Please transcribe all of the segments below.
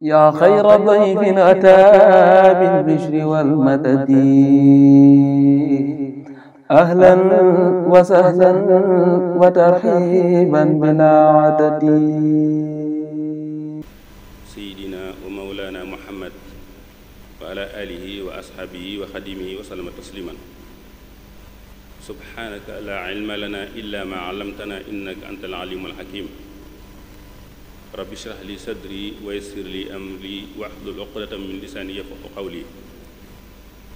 yaa xayra dayfin ataa bil bishri wal madadi ahlan wa sahlan wa tarxiiban bilaa adadi sayyidina wa mawlaana Muhammad wa alaa aalihi wa asxaabihi wa xadiimihi wa sallama tasliiman subhaanaka laa ilma lanaa illaa maa allamtanaa innaka antal aliimul hakiim rabbi shrah li sadri wa yassir li amri wahlul uqdatam min lisaani yafqahu qawli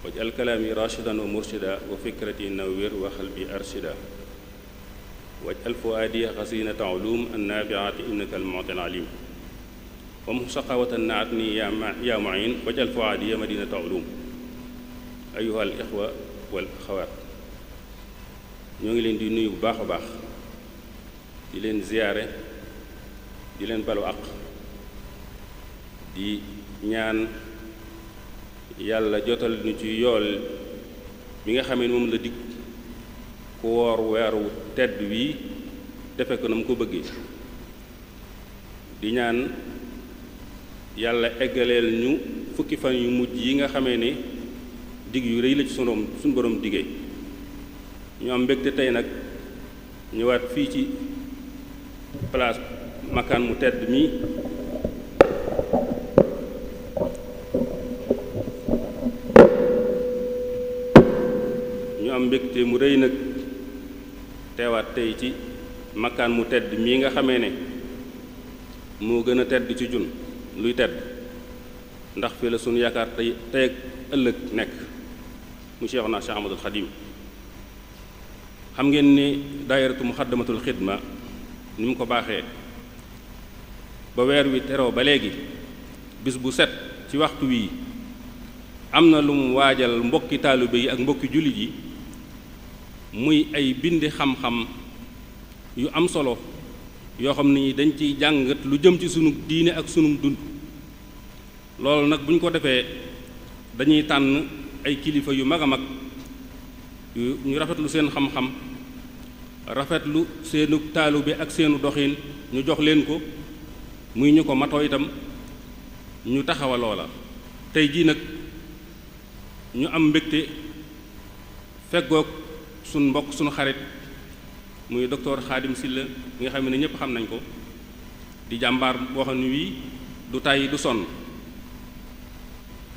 waj'al kalaami rashidan wa murshida wa fikrati nawwir wa qalbi arshida waj'al fuaadi xasinatan ulum annaafiati innaka al-mu'ti al-alim wamhu shaqawatan naatni ya mu'in waj'al fuaadi madinata ulum ayyuha al-ixwa wal axawaat ñoo ngi leen di nuyu bu baax a baax di leen ziyaare di leen balu àq di ñaan yàlla jotal nu ci yool bi nga xamee ni moom la dig ku woor weer wu tedd wii defe ko na mu ko bëggee di ñaan yàlla eggaleel ñu fukki fan yu mujj yi nga xame ni dig yu rey la ci sunoom suñu borom diggee ñu am mbégte tey nag ñëwaat fii ci place makaan mu tedd mii ñu am mbégte mu rëy nag teewaat tey ci makaan mu tedd mii nga xamee ne moo gën a tedd ci jun luy tedd ndax fii la sunu yaakaar tey ak ëllëg nekk mu Cheikhuna Cheikh Ahmadul Xadim xam ngeen ni daayiratu muxaddamatul xidma ni mu ko baaxee ba weer wi teroo ba léegi bis bu set ci waxtu wii am na lu mu waajal mbokki taalibe yi ak mbokki jullit yi muy ay bindi xam-xam yu am solo yoo xam ni dañ ciy jàngat lu jëm ci sunu diine ak sunu dund loolu nag bu ñu ko defee dañuy tànn ay kilifa yu mag a mag yu ñu rafetlu seen xam-xam rafetlu seenu taalu bi ak seenu doxin ñu jox leen ko muy ñu ko matoo itam ñu taxawaloo la tey jii nag ñu am mbégte feggoog suñ mbokk suñu xarit muy docteur xaadim Sylla mi nga xam ne ñëpp xam nañ ko di jàmbaar boo ne wii du tàyyi du sonn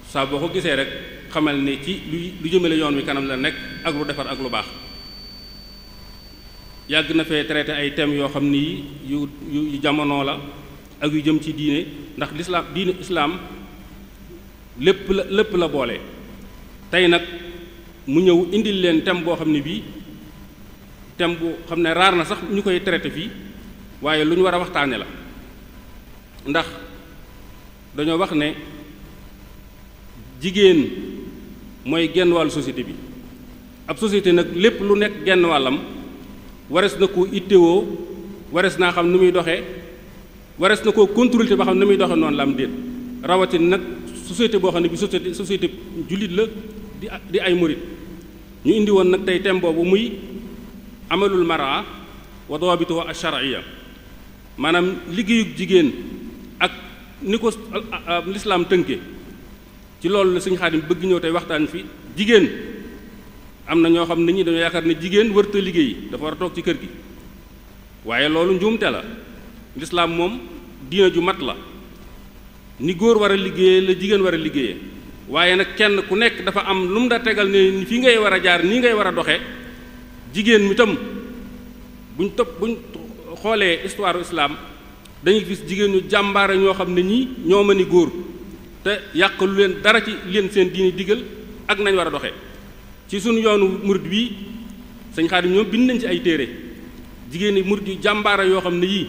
saa boo ko gisee rek xamal ne ci lu lu jëmale yoon wi kanam la nekk ak lu defar ak lu baax yàgg na fee traité ay thèmes yoo xam ni yu yu jamono la ak yu jëm ci diine ndax lislaam diine islaam lépp la lépp la boole tey nag mu ñëw indil leen thème boo xam ne bii thème bu xam ne raar na sax ñu koy traité fii waaye lu ñu war a waxtaane la ndax dañoo wax ne jigéen mooy genn wàllu société bi ab société nag lépp lu nekk genn wàllam wares na ko ittewoo wares naa xam nu muy doxee warees na koo contrôler ba xam ne muy doxee noonu la am déet rawatin nag société boo xam ne bi société société jullit la di di ay morit ñu indi woon nag tey thème boobu muy amalul mara wa dawabituhu ash-shar'iyya maanaam liggéeyug jigéen ak ni ko lislaam tënke ci loolu la suñu xaadim bëgg ñëw tey waxtaan fi jigéen am na ñoo xam ne ñi dañoo yaakaar ne jigéen wërta liggéey dafa war a toog ci kër gi waaye loolu njuumte la lislaam moom diina ju mat la ni góor war a liggéeye la jigéen war a liggéeyee waaye nag kenn ku nekk dafa am lu da tegal ne fi ngay war a jaar nii ngay war a doxe jigéen mu tam buñ topp buñ xoolee histoire islam dañuy gis jigéen ñu jàmbaare ñoo xam ne ñii ñoo ma ni góor te yàq lu leen dara ci leen seen diini digal ak nañ war a doxe ci suñu yoonu murid bii sëñ Xaadim ñoom bind nañ ci ay téere jigéen ñi murid yu jàmbaare yoo xam ne yii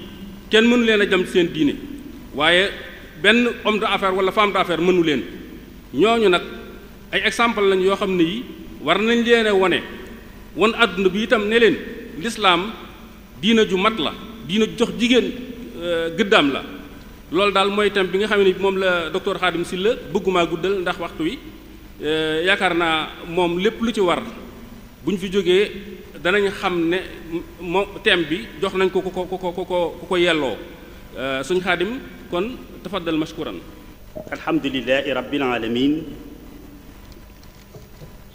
kenn mënu leen a jam seen diine waaye benn homme d'affaires wala femme d'affaires mënu leen ñooñu nag ay exemple lañ yoo xam ne yi war nañ leen a wane wan àdduna bi itam ne leen lislaam diina ju mat la diina jox jigéen euh, gëddaam la loolu daal mooy thème bi nga xam ne moom la docteur Khadim Sylla bëggumaa guddal ndax waxtu wi euh, yaakaar naa moom lépp lu ci war bu ñu fi jógee danañu xam ne moom bi jox nañ ko ku ko ku ko ku ko ku ko yelloo euh, suñ xaadim kon tafaddal mashkuran alhamdulilahi rabbil alamin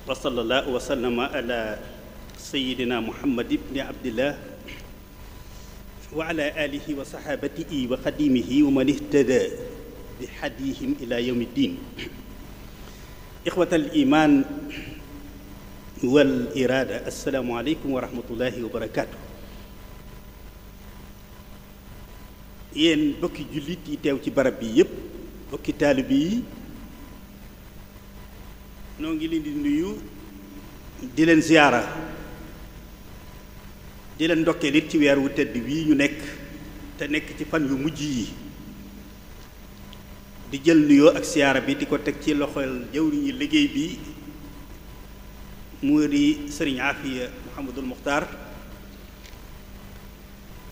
wa sallallahu wa sallama ala sayidina bi hadihim ila yawmi ddin ixwata al wal iraada asalaamaaleykum wa rahmatullahi wa barakaatu. yéen bokki jullit yi teew ci barab bi yépp bokki taalibe yi noo ngi leen di nuyu di leen ziyaara di leen ndokkee ci weer wu tedd wii ñu nekk te nekk ci fan yu mujj yi di jël nuyoo ak ziyaara bi di ko teg ci loxol jëwriñu liggéey bi mu di sëriñ Afiya Muhammadul Muxtaar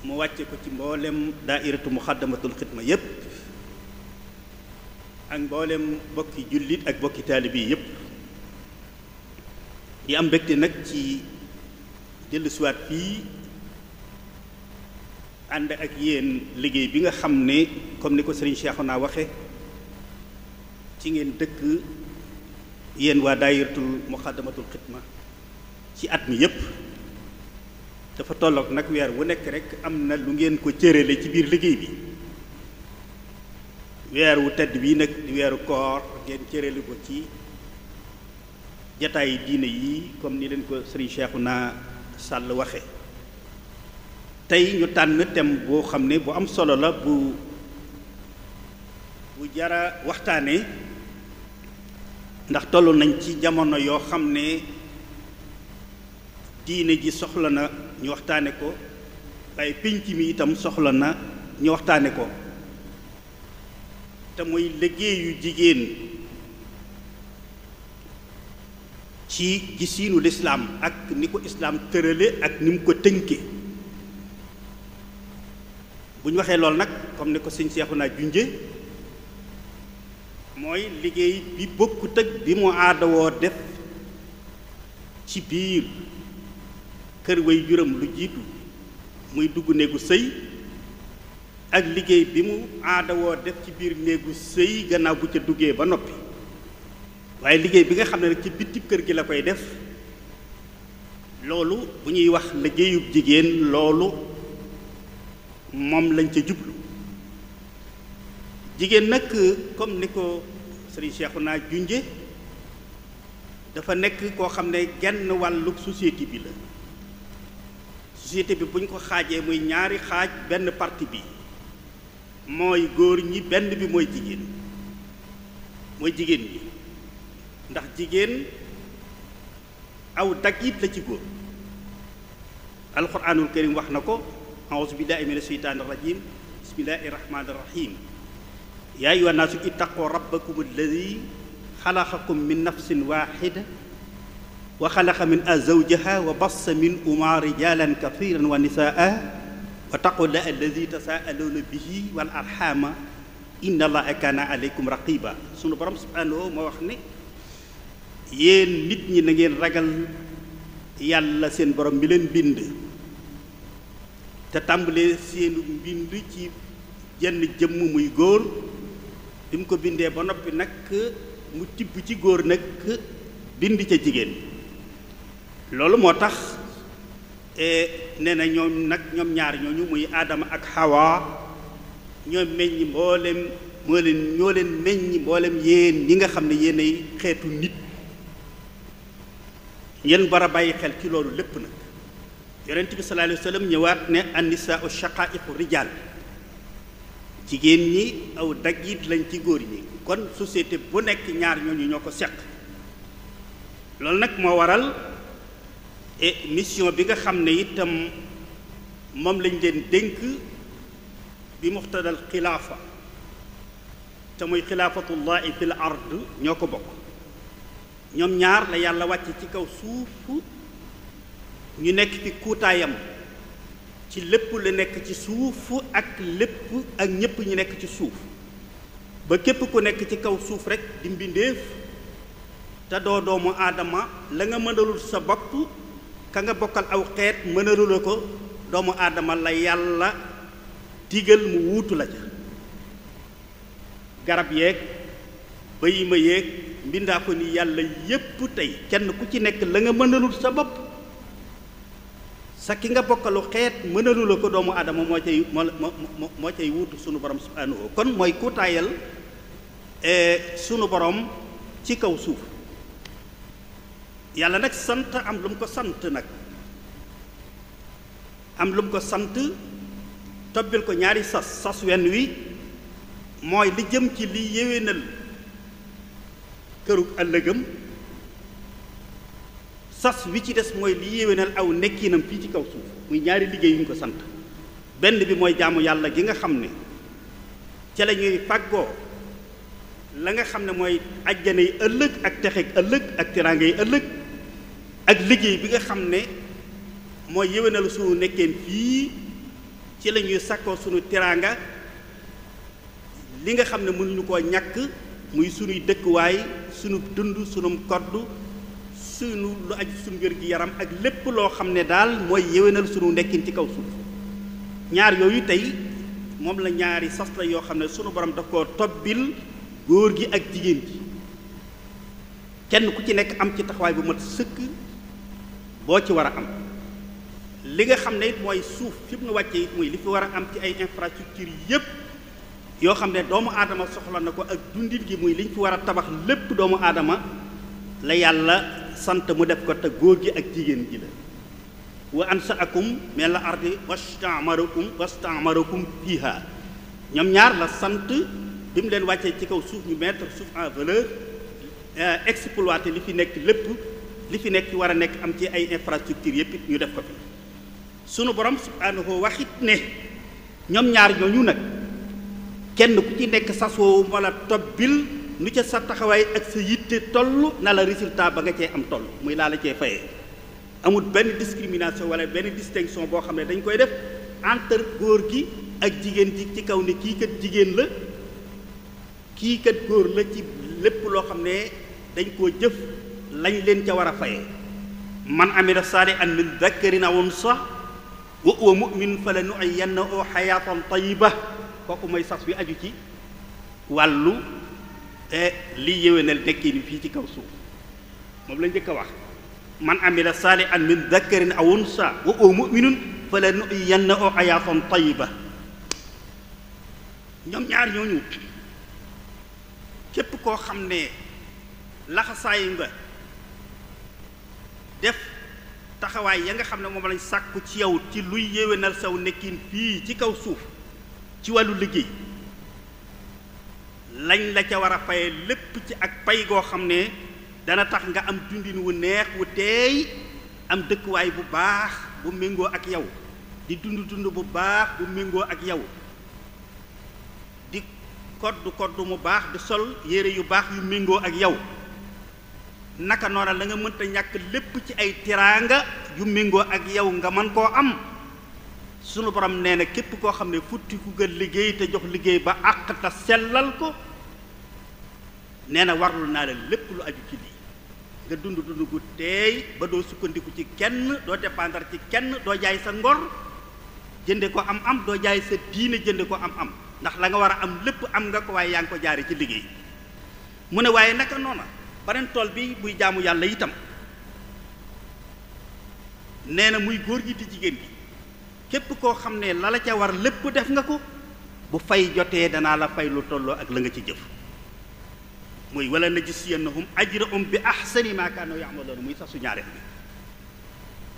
mu wàcce ko ci mboolem daairatu muxaddamatul xidma yépp ak mboolem bokki jullit ak bokki taalibi yépp di am mbégte nag ci dellusiwaat fii ànd ak yéen liggéey bi nga xam ni comme ni ko sëriñ naa waxe ci ngeen dëkk yéen waa daayiratul muqaddamatul xidma ci at mi yépp dafa tollook nag weer wu nekk rek am na lu ngeen ko cërale ci biir liggéey bi weer wu tedd bii nag di weeru koor ngeen cërale ko ci jataayi diine yi comme ni leen ko sëriñ Cheikhouna Sall waxe tey ñu tànn thème boo xam ne bu am solo la bu bu jara waxtaane ndax toll nañ ci jamono yoo xam ne diine ji soxla na ñu waxtaane ko waaye pénc mi itam soxla na ñu waxtaane ko te muy liggéeyu jigéen ci gisiinu lislaam ak ni ko islaam tërale ak ni mu ko tënke bu ñu waxee lool nag comme ni ko sëñ Seexuna junje mooy liggéey bi bokkut ak bi mu aadawoo def ci biir kër way juram lu jiitu muy dugg néegu sëy ak liggéey bi mu aadawoo def ci biir néegu sëy gannaaw bu ca duggee ba noppi waaye liggéey bi nga xam ne nag ci bitib kër gi la koy def loolu bu ñuy wax liggéeyub jigéen loolu moom lañ ca jublu jigéen nag comme ni ko sëriñ naa junje dafa nekk koo xam ne genn wàllu société bi la société bi buñ ko xaajee muy ñaari xaaj benn parti bi mooy góor ñi benn bi mooy jigéen mooy jigéen ñi ndax jigéen aw daggit la ci góor alquranul karim wax na ko auzu billahi mina sheytaani rajim bismillahi rahmaani rahim yaa ayyuha naasu rabbakum alladi xalaqakum min nafsin waaxida wa xalaqa min a zawjaha wa bassa min uma rijalan kathiran wa nisaa wa taqulla alladi tasaaluuna bihi wal arxaama inna allaha kaana aleykum raqiba sunu borom subhaanahu moo wax ne yéen nit ñi na ngeen ragal yàlla seen borom mi leen bind te tàmbalee seenu mbind ci jenn jëmm muy góor bi mu ko bindee ba noppi nag mu tibb ci góor nag bind ca jigéen loolu moo tax e, nee na ñoom nag ñoom ñaar ñooñu muy aadama ak xawaa ñoo meññ mboolem moo leen ñoo leen meññ mboolem yéen ñi nga xam ne yéenay xeetu nit yéen war a bàyyi xel ci loolu lépp nag yonent bi sallallahu alayhi wa ñëwaat ne annisaa'u shaqaa'iqu rijaal jigéen ñi aw daggit lañ ci góor ñi kon société bu nekk ñaar ñooñu ñoo ko seq loolu nag moo waral et mission bi nga xam ne itam moom lañ leen dénk bi muxtadal xilaafa te muy xilaafatullahi fil ard ñoo ko bokk ñoom ñaar la yàlla wàcc ci kaw suufu ñu nekk ci kuutaayam ci lépp lu nekk ci suuf ak lépp ak ñépp ñu nekk ci suuf ba képp ku nekk ci kaw suuf rek di mbindéef te doo doomu aadama la nga mënalul sa bopp ka nga bokkal aw xeet mënalula ko doomu aadama la yàlla digal mu wuutu la ca garab yeeg ma yeeg mbindaa ko ni yàlla yépp tey kenn ku ci nekk la nga mënalul sa bopp sa ki nga bokkalu xeet mënalu ko doomu aadama moo cay moo moo cay wuutu sunu borom subhanahu kon mooy kuutaayal e, sunu borom ci kaw suuf yàlla nag sant am lu mu ko sant nag am lu mu ko sant tobbil ko ñaari sas sas wen wi mooy li jëm ci li yéwénal këru ëllëgam sas wi ci des mooy li yéwénal aw nekkinam fii ci kaw suuf muy ñaari liggéey yu ñu ko sant benn bi mooy jaamu yàlla gi nga xam ne ca la fàggoo la nga xam ne mooy ajjana yi ëllëg ak texeg ëllëg ak teraanga yi ëllëg ak liggéey bi nga xam ne mooy yéwénal sunu nekkeen fii ci la ñuy sàkkoo sunu teraanga li nga xam ne mënuñu ko ñàkk muy sunuy dëkkuwaay sunu dund sunum kodd suñu lu aju suñu gi yaram ak lépp loo xam ne daal mooy yéwénal suñu nekkin ci kaw suuf ñaar yooyu tey moom la ñaari sas la yoo xam ne suñu borom daf koo tobbil góor gi ak jigéen gi kenn ku ci nekk am ci taxawaay bu mat sëkk boo ci war a am li nga xam ne it mooy suuf fi mu wàcce it mooy li fi war a am ci ay infrastructure yépp yoo xam ne doomu aadama soxla na ko ak dundin gi muy liñ fi war a tabax lépp doomu aadama la yàlla sant mu def ko te góor gi ak jigéen ji la wa ansaakum min la ardi wastamarakum wastamarakum fiha ñoom ñaar la sant bi mu leen wàccee ci kaw suuf ñu mettre suuf en valeur euh, exploiter li fi nekk lépp li fi nekk war a nekk am ci ay infrastructures yépp it ñu def ko fi sunu borom ko waxit ne ñoom ñaar ñooñu nag kenn ku ci nekk sasoo wala tobbil nu ca sa taxawaay ak sa yitte toll na la résultat ba nga cee am toll muy laa la cee fayee amut benn discrimination wala benn distinction boo xam ne dañ koy def entre góor gi ak jigéen ji ci kaw ni kii kat jigéen la kii kat góor la ci lépp loo xam ne dañ koo jëf lañ leen ca war a fayee man amila saalihan min dakarin aw unsa wa huwa mu'min fala nu'yannahu hayaatan tayyiba kooku mooy sas wi aju ci wàllu te li yéwénal nekki ni fii ci kaw suuf moom la jëkk a wax man amila saalihan min dakarin aw unsa wa huwa mu'minun fala nu'yannahu hayaatan tayyiba ñoom ñaar ñooñu képp koo xam ne laxasaayu nga def taxawaay ya nga xam ne moom lañ sàkku ci yow ci luy yéwénal saw nekkin fii ci kaw suuf ci wàllu liggéey lañ la ca war a faye lépp ci ak pay goo xam ne dana tax nga am dundin wu neex wu teey am dëkkuwaay bu baax bu méngoo ak yow di dund dund bu baax bu méngoo ak yow di kodd kodd mu baax di sol yére yu baax yu méngoo ak yow naka noona la nga mënta ñàkk lépp ci ay tiraanga yu méngoo ak yow nga mën koo am sunu borom nee na képp koo xam ne futti ku gën liggéey te jox liggéey ba àq te sellal ko nee na warul naa la lépp lu aju ci lii nga dund dund gu teey ba doo sukkandiku ci kenn doo dépendre ci kenn doo jaay sa ngor jënde ko am am doo jaay sa diine jënde ko am am ndax la nga war a am lépp am nga ko waaye yaa ngi ko jaare ci liggéey mu ne waaye naka noona beneen tool bi muy jaamu yàlla itam nee na muy góor gi di jigéen gi képp koo xam ne la la ca war lépp def nga ko bu fay jotee danaa la fay lu tolloo ak la nga ci jëf muy wala najziyannahum ajrahum bi ahsani ma kaanu ya'maluun muy sax su ñaareel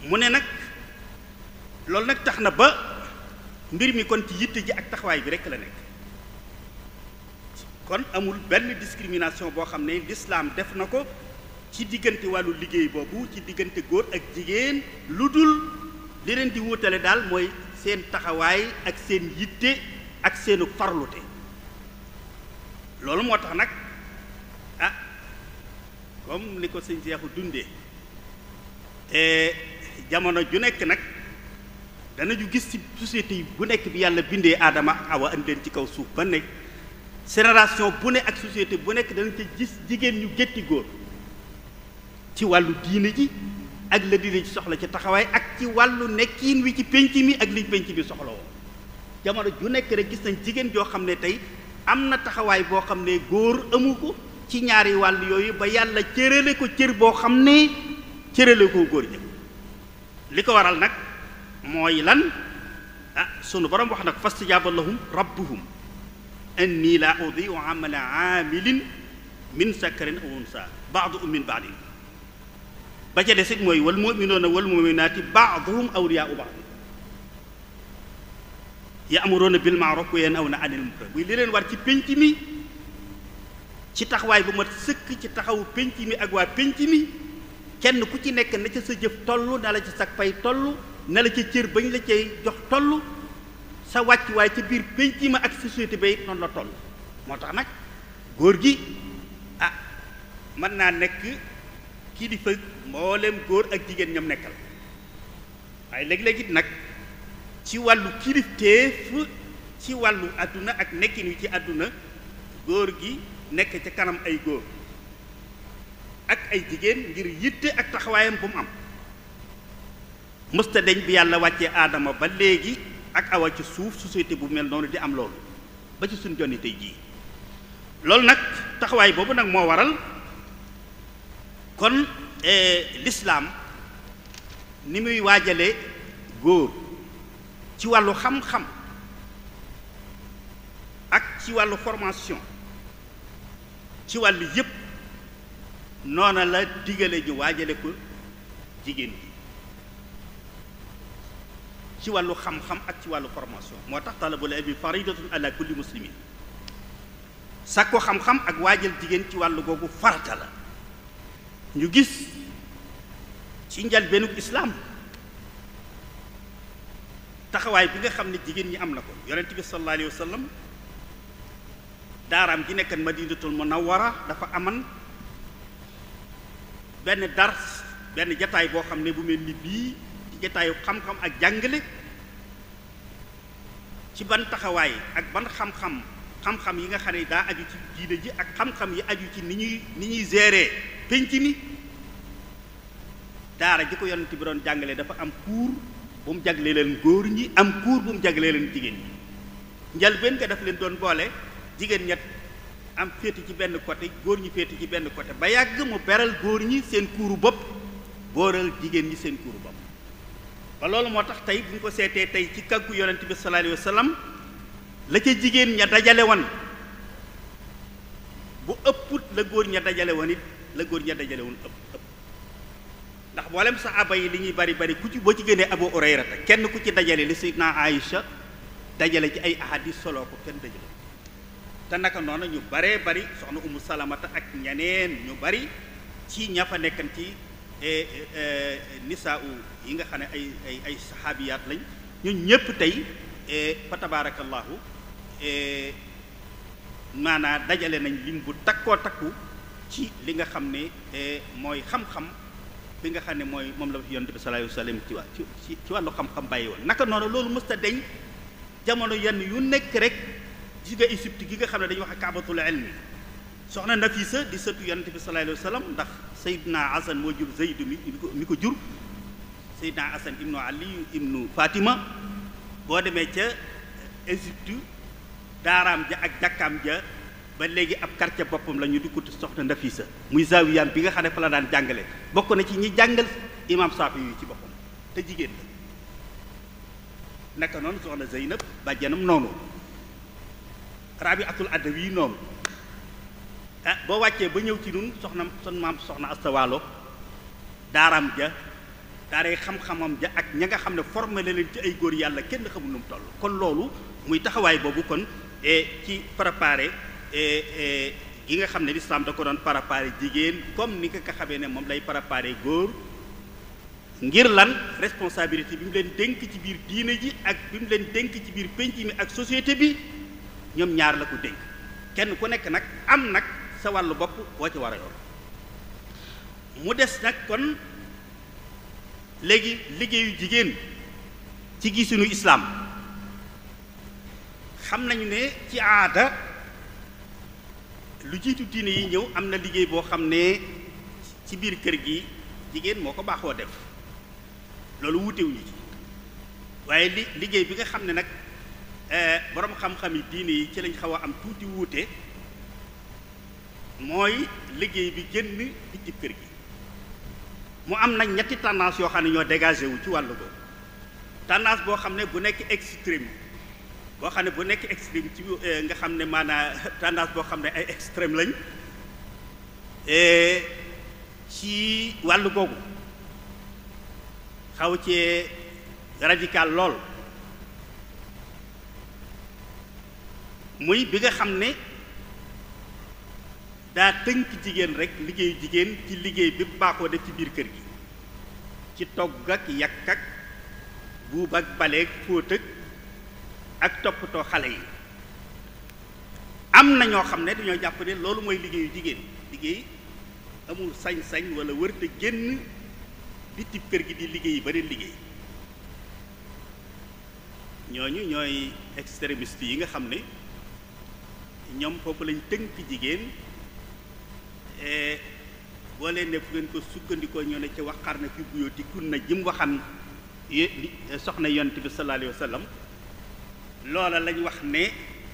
bi mu ne nag loolu nag tax na ba mbir mi kon ci yitte ji ak taxawaay bi rekk la nekk kon amul benn discrimination boo xam ne lislaam def na ko ci diggante wàllu liggéey boobu ci diggante góor ak jigéen lu dul li leen di wutale daal mooy seen taxawaay ak seen yitte ak seenu farlute loolu moo tax nag a ah, comme ni ko sëñ dunde dundee jamono ju nekk nag dana danañu gis ci société yi bu nekk bi yàlla bindee aadama ak awa indi leen ci kaw suuf ba nekk génération bu ne ak société bu nekk danañ ca gis jigéen ñu gétti góor ci wàllu diine ji ak la dina ci soxla ci taxawaay ak ci wàllu nekkiin wi ci pénc mi ak liñ pénc mi soxla woo jamono ju nekk rek gis nañ jigéen joo xam ne tey am na taxawaay boo xam ne góor amu ko ci ñaari wàll yooyu ba yàlla cërale ko cër boo xam ne cërale ko góor ñëpp li ko waral nag mooy lan a ah, sunu borom wax nag fastajaaba lahum rabbuhum anni la udiu amala aamilin min sakarin aw unsa baadu min baadin ba ca desit mooy wal noonu wal mu'minaati ba'duhum awliyaa'u ba'd ya'muruuna bil ma'ruuf wa yanhawna 'anil munkar muy li leen war ci pénc mi ci taxawaay bu ma sëkk ci taxawu pénc mi ak waa pénc mi kenn ku ci nekk na ca sa jëf toll na la ca sag pay toll na la ca cër bañ la cay jox tollu sa wàccuwaay ca biir pénc ma ak société ba it noonu la toll moo tax nag góor gi ah mën naa nekk kilifa mboolem góor ak jigéen ñoom nekkal waaye léeg-léeg nag ci wàllu kilifteef ci wàllu àdduna ak nekkin wi ci àdduna góor gi nekk ca kanam ay góor ak ay jigéen ngir yitte ak taxawaayam bu mu am mësta deñ bi yàlla wàccee aadama ba léegi ak awal ci suuf société bu mel noonu di am loolu ba ci suñ jonni tey jii loolu nag taxawaay boobu nag moo waral kon Eh, lislaam ni muy waajale góor ci wàllu xam-xam ak ci wàllu formation ci wàllu yëpp noona la digale ñu waajale ko jigéen bi ci wàllu xam-xam ak ci wàllu formation moo tax talabul ilmi faridatun ala kulli muslimin sàkku xam-xam ak waajal jigéen ci wàllu googu farata la ñu gis ci njalbeenu islaam taxawaay bi nga xam ne jigéen ñi am na ko yonent bi sallallahu alayhi wa sallam daaraam gi nekkan madinatul munawwara dafa aman benn dars benn jataay boo xam ne bu mel ni bii ci jataayu xam-xam ak jàngale ci ban taxawaay ak ban xam-xam xam-xam yi nga xam ne daa aju ci diine ji ak xam-xam yi aju ci ni ñuy ni ñuy gérer penc mi daara ji ko yonent bi doon jàngale dafa am kuur bu mu jaglee leen góor ñi am kuur bu mu jaglee leen jigéen ñi njëlbéen nga daf leen doon boole jigéen ñett am féete ci benn côté góor ñi féete ci benn côté ba yàgg mu beral góor ñi seen kuuru bopp booral jigéen ñi seen kuuru bopp ba loolu moo tax tey bu ñu ko seetee tey ci kaggu yonent bi sallallahu alayhi wa la ca jigéen ña dajale woon bu ëpput la góor ña dajalewoon it la góor ña dajale ëpp ndax mboolem saxaaba yi li ñuy bari bari ku ci boo ci génnee Abu Hurayra kenn ku ci dajale li Sayyidina Aïcha dajale ci ay ahadis soloo ko kenn dajale te naka noonu ñu baree bari soxna Umu Salamata ak ñeneen ñu bari ci ña fa nekkan ci e, e, e, nisaa yi nga xam ne ay ay ay saxaabiyaat lañ ñun ñëpp tey fa tabaarakallaahu maanaa dajale nañ lim bu takkoo takku ci li nga xam ne eh, mooy xam-xam bi nga xam ne mooy moom la yonent bi sallallahu alayhi wasallam ci ci wàllu xam-xam bàyyi woon naka noonu loolu mës ta deñ jamono yenn yu nekk rek ji nga Égypte gi nga xam ne dañu wax kaabatul ilmi soxna Nafisa di sëtu yonent bi sallallahu alayhi ndax ndax na Hasan moo jur Zayd mi mi ko ko jur Seydina Hasan ibnu Ali ibnu Fatima boo demee ca Égypte daaraam ja ak jàkkaam ja ba léegi ab quartier boppam la ñu di ko soxna Nafisa muy zawiyaan bi nga xam ne fa la daan jàngale bokk na ci ñi jàngal imaam Saafi yu ci boppam te jigéen la naka noonu soxna Zeynab bàjjanam noonu Rabiatul Adawi noonu ah boo wàccee ba ñëw ci nun soxna son maam soxna astawaalo daaraam ja daaray xam-xamam ja ak ña nga xam ne formé leen ci ay góor yàlla kenn xamul nu mu kon loolu muy taxawaay boobu kon eh, ci préparé Eh, eh, gi nga xam ne lislaam da ko doon préparé jigéen comme ni nga ko xamee ne moom lay parapare góor ngir lan responsabilité bi mu leen dénk ci biir diine ji ak bi mu leen dénk ci biir penc mi ak société bi ñoom ñaar la ko dénk kenn ku nekk nag am nag sa wàllu bopp boo ci war a yor mu des nag kon léegi liggéeyu jigéen ci gisunu islaam xam nañu ne ci aada lu jiitu diine yi ñëw am na liggéey boo xam ne ci biir kër gi jigéen moo ko baaxoo def loolu wutewuñu ci waaye li liggéey bi nga xam ne nag eh, boroom xam-xam yi diine yi ci lañ xaw a am tuuti wuute mooy liggéey bi génn bitib kër gi mu am nag ñetti tendance yoo xam ne ñoo dégagé wu ci wàllu boobu tendance boo xam ne bu nekk extrême boo xam ne bu nekk extrême ci euh, nga xam ne maanaa tendance boo xam ne ay extrême lañ ci wàllu googu xaw cee radical lool muy bi nga xam ne daa tënk jigéen rek liggéey jigéen ci liggéey bi baaxoo def ci biir kër gi ci togg ak yàkk ak buub ak baleeg fóot ak ak toppatoo xale yi am na ñoo xam ne dañoo jàpp loolu mooy liggéeyu jigéen liggéey amul sañ-sañ wala wër génn biti kër gi di liggéey beneen liggéey ñooñu ñooy extrémiste yi nga xam ne ñoom foofu lañ tënk jigéen e boo leen ne fu ngeen ko sukkandikoo ñoo ne ca waxaar na fi buyooti kun na jëm waxan soxna yonent bi sallallahu alayhi loola lañu wax ne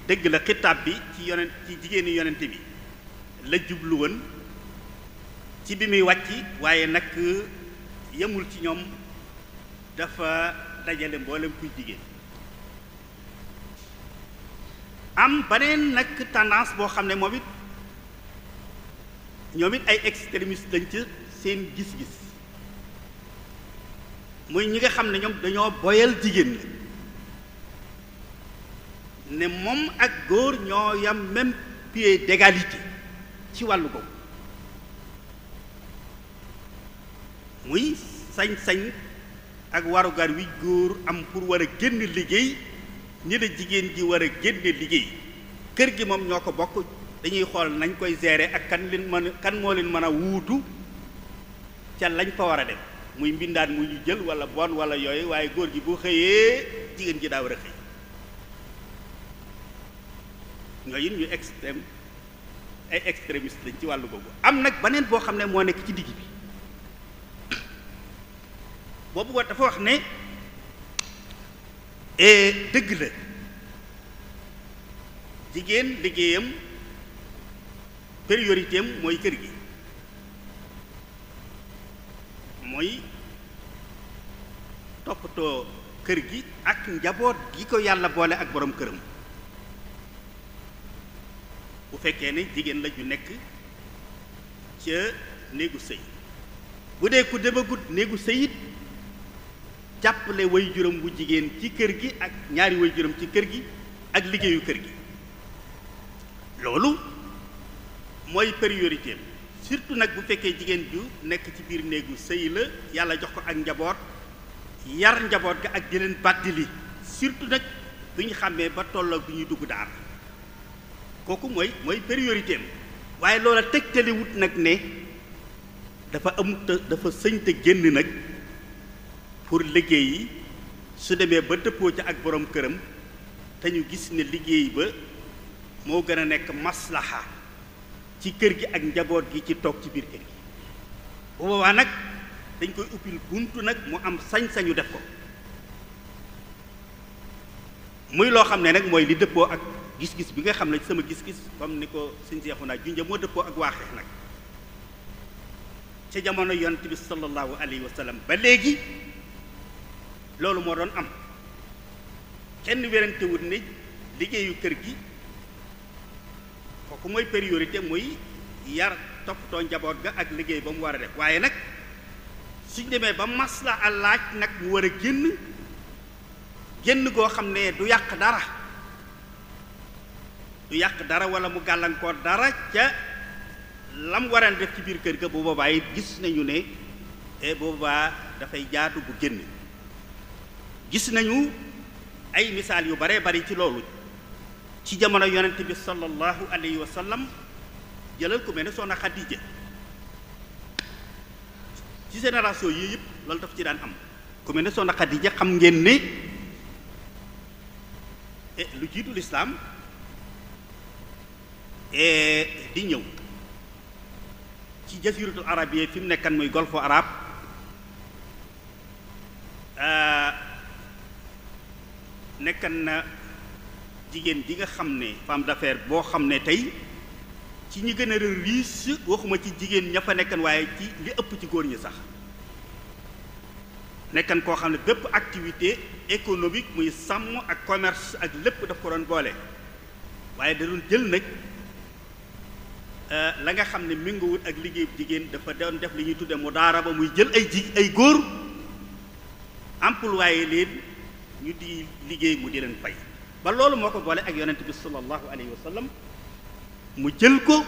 dëgg la xitaab bi ci yonent ci jigéeni yonent bi la jublu woon ci bi muy wàcc waaye nag yemul ci ñoom dafa dajale mboolem kuy jigéen am beneen nag tendance boo xam ne moom it ñoom it ay extrémiste lañ ca seen gis-gis muy ñi nga xam ne ñoom dañoo boyal jigéen la ne moom ak góor ñoo yam même pied d'égalité ci wàllu googu muy sañ-sañ ak warugar wi góor am pour war a génn liggéey ni la jigéen ji war a génn liggéey kër gi moom ñoo ko bokk dañuy xool nañ koy seere ak kan leen mën kan moo leen mën a wuutu ca lañ fa war a dem muy mbindaan mu ñu jël wala bon wala yooyu waaye góor gi bu xëyee jigéen ji daa war a xëy nga yit ñu extrême ay extrémiste lañ ci wàllu boobu am nag beneen boo xam ne moo nekk ci digg bi boobu ko dafa wax ne eh, dëgg la jigéen liggéeyam priorité mooy kër gi mooy toppatoo kër gi ak njaboot gi ko yàlla boole ak boroom këram bu fekkee ne jigéen la ju nekk ca néegu sëy bu dee ku demagut néegu sëyit jàppale way juróom bu jigéen ci kër gi ak ñaari way juróom ci kër gi ak liggéeyu kër gi loolu mooy priorité surtout nag bu fekkee jigéen ju nekk ci biir néegu sëy la yàlla jox ko ak njaboot yar njaboot ga ak di leen bàttili surtout nag bu ñu xàmmee ba tolloog bi ñuy dugg daara kooku mooy mooy priorité am waaye loola tegtaliwut nag ne dafa am te dafa sëñte génn nag pour liggéey yi su demee ba dëppoo ca ak borom këram te ñu gis ne liggéey ba moo gën a nekk maslaha ci kër gi ak njaboot gi ci toog ci biir kër gi bu boobaa nag dañ koy uppil buntu nag mu am sañ-sañu def ko muy loo xam ne nag mooy li dëppoo ak gis-gis bi nga xam ne sama gis-gis comme ni ko sëñ seexu naa junja moo dëppoo ak waaxeex nag ca jamono yonent bi sallallahu alayhi wa sallam ba léegi loolu moo doon am kenn wérantewut ne liggéeyu kër gi kooku mooy priorité muy yar toppatoo njaboot ga ak liggéey ba mu war a def waaye nag suñ demee ba mas la a nag mu war a génn génn goo xam ne du yàq dara lu yàq dara wala mu gàllankoor dara ca lam waraan def ci biir kër ga bu boobaa it gis nañu ne e boobaa dafay jaatu bu génn gis nañu ay misaal yu baree bari ci loolu ci jamono yonent bi sallallahu alayhi wa jëlal ku mel ne Soxna Xadija ci génération yii yëpp loolu daf ci daan am ku mel ne Soxna Xadija xam ngeen ne e, lu jiitu lislaam di ñëw ci jasiratul arab yi fi mu nekkan muy golfu arab euh, nekkan na jigéen ji nga xam ne femme d'affaires boo xam ne tey ci ñi gën a riche waxuma ci jigéen ña fa nekkan waaye ci li ëpp ci góor ñi sax nekkan koo xam ne bépp activité économique muy sàmm ak commerce ak lépp daf ko doon boole waaye da doon jël nag Euh, la nga xam ne méngoowul ak liggéey jigéen dafa doon def li ñuy tudde mu daara ba muy jël ay ji ay góor employé leen ñu di liggéey mu di leen fay ba loolu moo ko boole ak yonent bi sallallahu alayhi wa sallam ko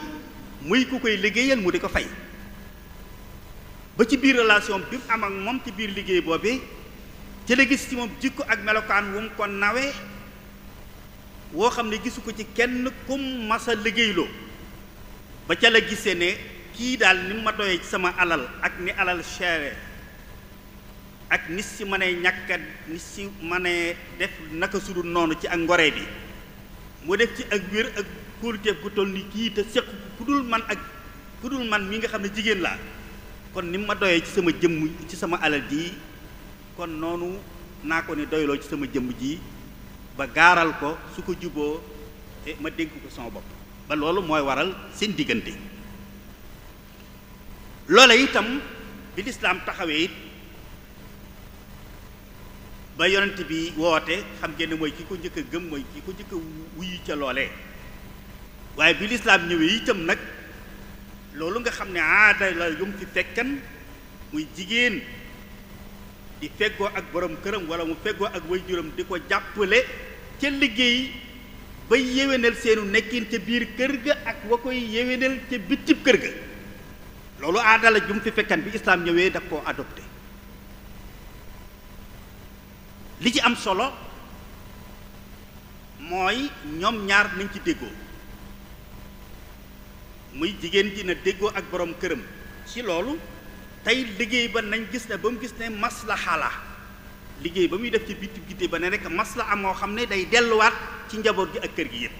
muy ku koy liggéeyal mu di ko fay ba ci biir relation bi mu am moom ci biir liggéey boobu ci la gis ci moom jikko ak melokaan wu mu ko nawee woo xam ne gisu ko ci kenn kum masa liggéeyloo ba ca la gisee ne kii daal ni ma doyee ci sama alal ak ni alal chére ak ni si mënee ñàkkat ni si mënee def naka sudul noonu ci ak ngoree bi mu def ci ak wér ak kóoluteef gu toll ni kii te séq ku dul man ak ku dul man mi nga xam ne jigéen la kon ni ma doyee ci sama jëmm ci sama alal ji kon noonu naa ko ne doyloo ci sama jëmm ji ba gaaral ko su ko juboo ma dégg ko sama bopp ba loolu mooy waral seen diggante loola itam bi lislaam taxawee it ba yonent bi woote xam ngeen moy mooy ki ko njëkk a gëm mooy ki ko njëkk a ca loole waaye bi lislaam ñëwee itam nag loolu nga xam ne aada la yum fi fekkan muy jigéen di fegoo ak boroom këram wala mu feggoo ak waajuram di ko jàppale ca liggéey ba yéwénal seenu nekkin ca biir kër ga ak wa koy yéwénal ca bitib kër ga loolu aada la jum fi fekkan bi islaam ñëwee daf koo adopté li ci am solo mooy ñoom ñaar nañ ci déggoo muy jigéen ji na déggoo ak boroom këram ci loolu tey liggéey ba nañ gis ne ba mu gis ne maslaha la liggéey ba muy def ci bitib gite ba ne rek maslaha moo xam ne day delluwaat ci njaboot gi ak kër gi yëpp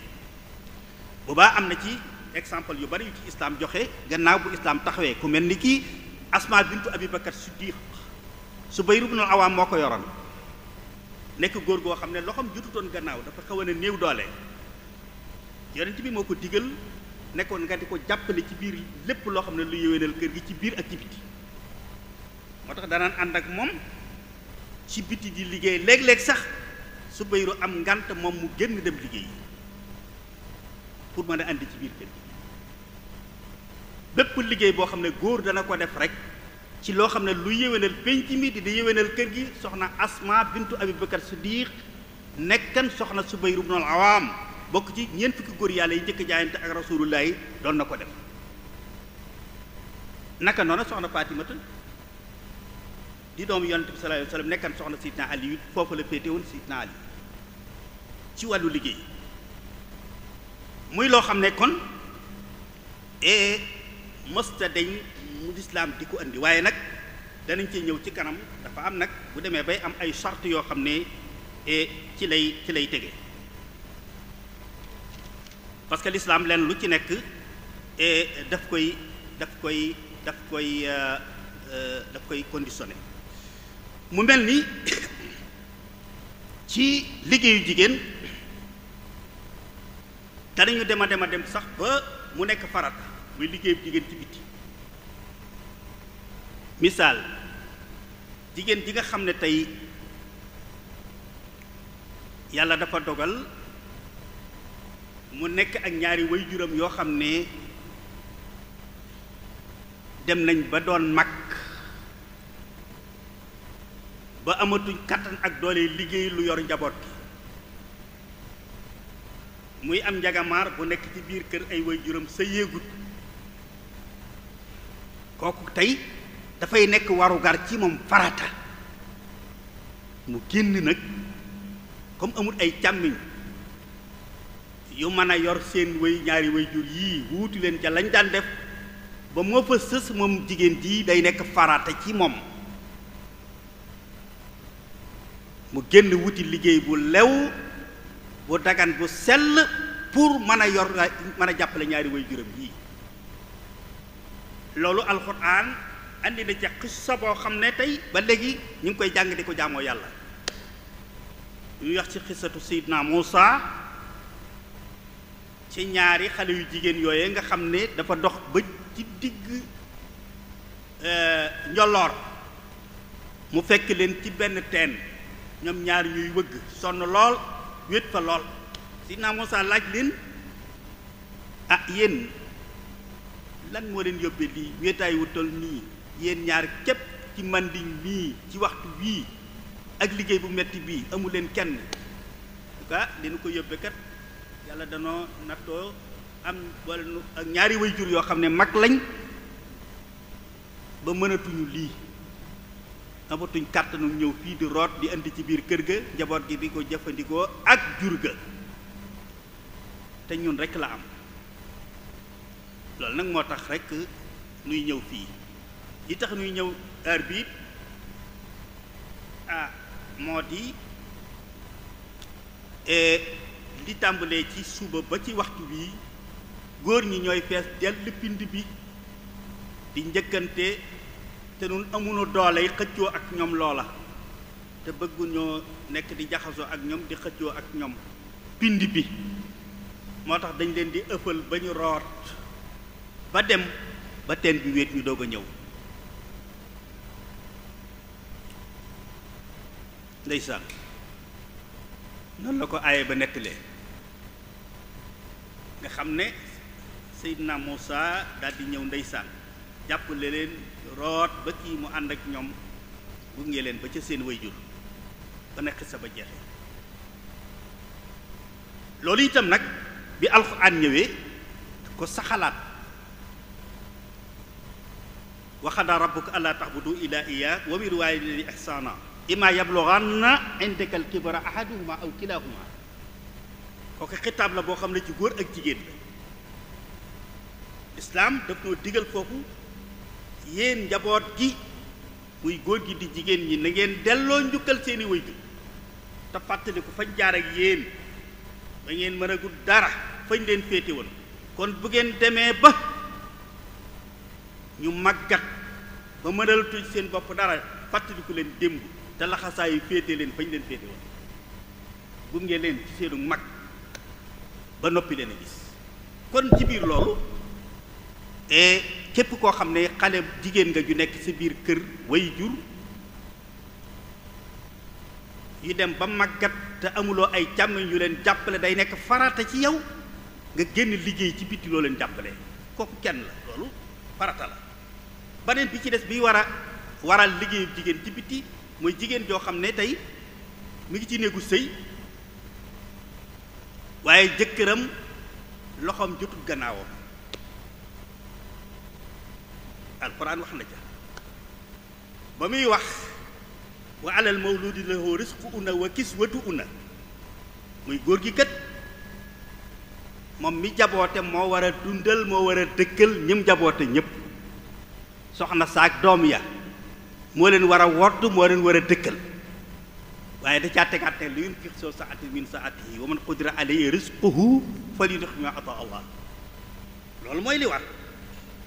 boobaa am na ci exemple yu bari ci islaam joxe gannaaw bu islaam taxawee ku mel ni kii asma bintu abi bakar siddiq subayr ibnul awaam moo ko yoroon nekk góor goo xam ne loxoom jotutoon gannaaw dafa xaw a ne néew doole yonent bi moo ko digal nekkoon nga di ko jàppale ci biir lépp loo xam ne lu yéwénal kër gi ci biir ak ci moo tax danaan ànd ak moom ci biti di liggéey léeg-léeg sax Subayru am ngant moom mu génn dem liggéey pour mën a indi ci biir kër gi bépp liggéey boo xam ne góor dana ko def rek ci loo xam ne lu yéwénal penc mi di yéwénal kër gi soxna Asma bintu Abi Bakar Siddiq nekkan soxna Subayru ibnul Awaam bokk ci ñeent fukki góor yàlla yi njëkk jaayante ak Rasulullahi doon na ko def naka noonu soxna Faatimata di doomu yonent bi sallallahu alayhi wa sallam nekkan soxna Sidna Ali foofu la féete woon Sidna Ali ci wàllu liggéey muy loo xam ne kon e mësta dañ mu lislaam di ko andi waaye nag danañ ci ñëw ci kanam dafa am nag bu demee bay am ay charte yoo xam ne e ci lay ci lay tege parce que lislaam leen lu ci nekk e daf koy daf koy daf koy euh, euh, daf koy conditionné mu mel ni ci liggéeyu jigéen danañu dem a dem a dem sax ba mu nekk faral muy liggéeyu jigéen ci biti misaal jigéen ji nga xam ne tey yàlla dafa dogal mu nekk ak ñaari way juram yoo xam ne dem nañ ba doon mag ba amatuñ kattan ak doole liggéey lu yor njaboot gi muy am njagamaar bu nekk ci biir kër ay way juram sa yéegut kooku tey dafay nekk warugar ci moom farata mu génn nag comme amul ay càmmiñ yu mën a yor seen way ñaari way jur yii wuutu leen ca lañ daan def ba moo fa sës moom jigéen jii day nekk farata ci moom mu génn wuti liggéey bu lew bu dagan bu sell pour mën a yor mën a jàppale ñaari way juróom yii loolu alxuraan andi na ca xissa boo xam ne tey ba léegi ñu ngi koy jàng di ko jaamoo yàlla ñu wax ci xissatu Seydina Muusa ci ñaari xale yu jigéen yooye nga xam ne dafa dox ba ci digg eh, njolloor mu fekk leen ci benn teen ñoom ñaar ñuy wëgg sonn lool wét fa lool Seydina Muusaa laaj leen ah yéen lan moo leen yóbbee lii wéetaay wutal nii yéen ñaar képp ci manding nii ci waxtu wii ak liggéey bu metti bii amu leen kenn en tout cas ko yóbbee kat yàlla danoo nattoo am wala ak ñaari way jur yoo xam ne mag lañ ba mënatuñu lii amatuñ kàttanu ñëw fii di root di indi ci biir kër ga njaboot gi di ko jëfandikoo ak jur ga te ñun rekk la am loolu nag moo tax rek nuy ñëw fii yi tax nuy ñëw heure bi ah moo di e, li tàmbalee ci suba ba ci waxtu bii góor ñi ñooy fees dell pind bi di njëkkante te nun amuñu doole xëccoo ak ñoom loola te bëgguñoo nekk di jaxasoo ak ñoom di xëccoo ak ñoom pind bi moo tax dañ leen di ëppal ba ñu root ba dem ba teen bi wéet ñu doog a ñëw ndeysaan noonu la ko aaye ba nekk nettalee nga xam ne Seydina Moussa daal di ñëw ndeysaan jàppale leen root ba kii mu ànd ak ñoom gunge leen ba ca seen wayjur ba nekk sa ba jeexe loolu itam nag bi alxuraan ñëwee ko saxalaat waxadaa rabbuka allaa taxbudu illa iyaak wa bil waalidayni ihsaana imma yablughanna indaka al boo xam ne ci góor ak jigéen la islaam daf noo digal foofu yéen njaboot gi muy góor gi di jigéen ñi na ngeen delloo njukkal seeni wayjur te fàttaliku fañ jaar ak yéen ba ngeen mën a gudd dara fañ leen féete woon kon bu ngeen demee ba ñu màggat ba mënal tuj seen bopp dara fàttaliku leen démb te laxasaayu féete leen fañ leen féete woon gunge leen ci seenu mag ba noppi leen a gis kon ci biir loolu et képp koo xam ne xale jigéen nga ju nekk ci biir kër way jur yu dem ba màggat te amuloo ay càmmiñ yu leen jàppale day nekk farata ci yow nga génn liggéey ci biti loo leen jàppale kooku kenn la loolu farata la beneen bi ci des bi wara waral liggéeyu jigéen ci biti mooy jigéen joo xam ne tey mu ngi ci néegu sëy waaye jëkkëram loxoom jotul gannaawam alquran wax na ca ba muy wax wa alal mawludi lahu risqu una wa kiswatu una muy góor gi kat moom mi jaboote moo war a dundal moo war a dëkkal ñim jaboote ñépp soxna saak doom ya moo leen war a wott moo leen war a dëkkal waaye da caa tegaat ne lu yunfiq soo saati min saatihi wa man qudira alayhi risquhu falyunfiq mimma ataa Allah loolu mooy li war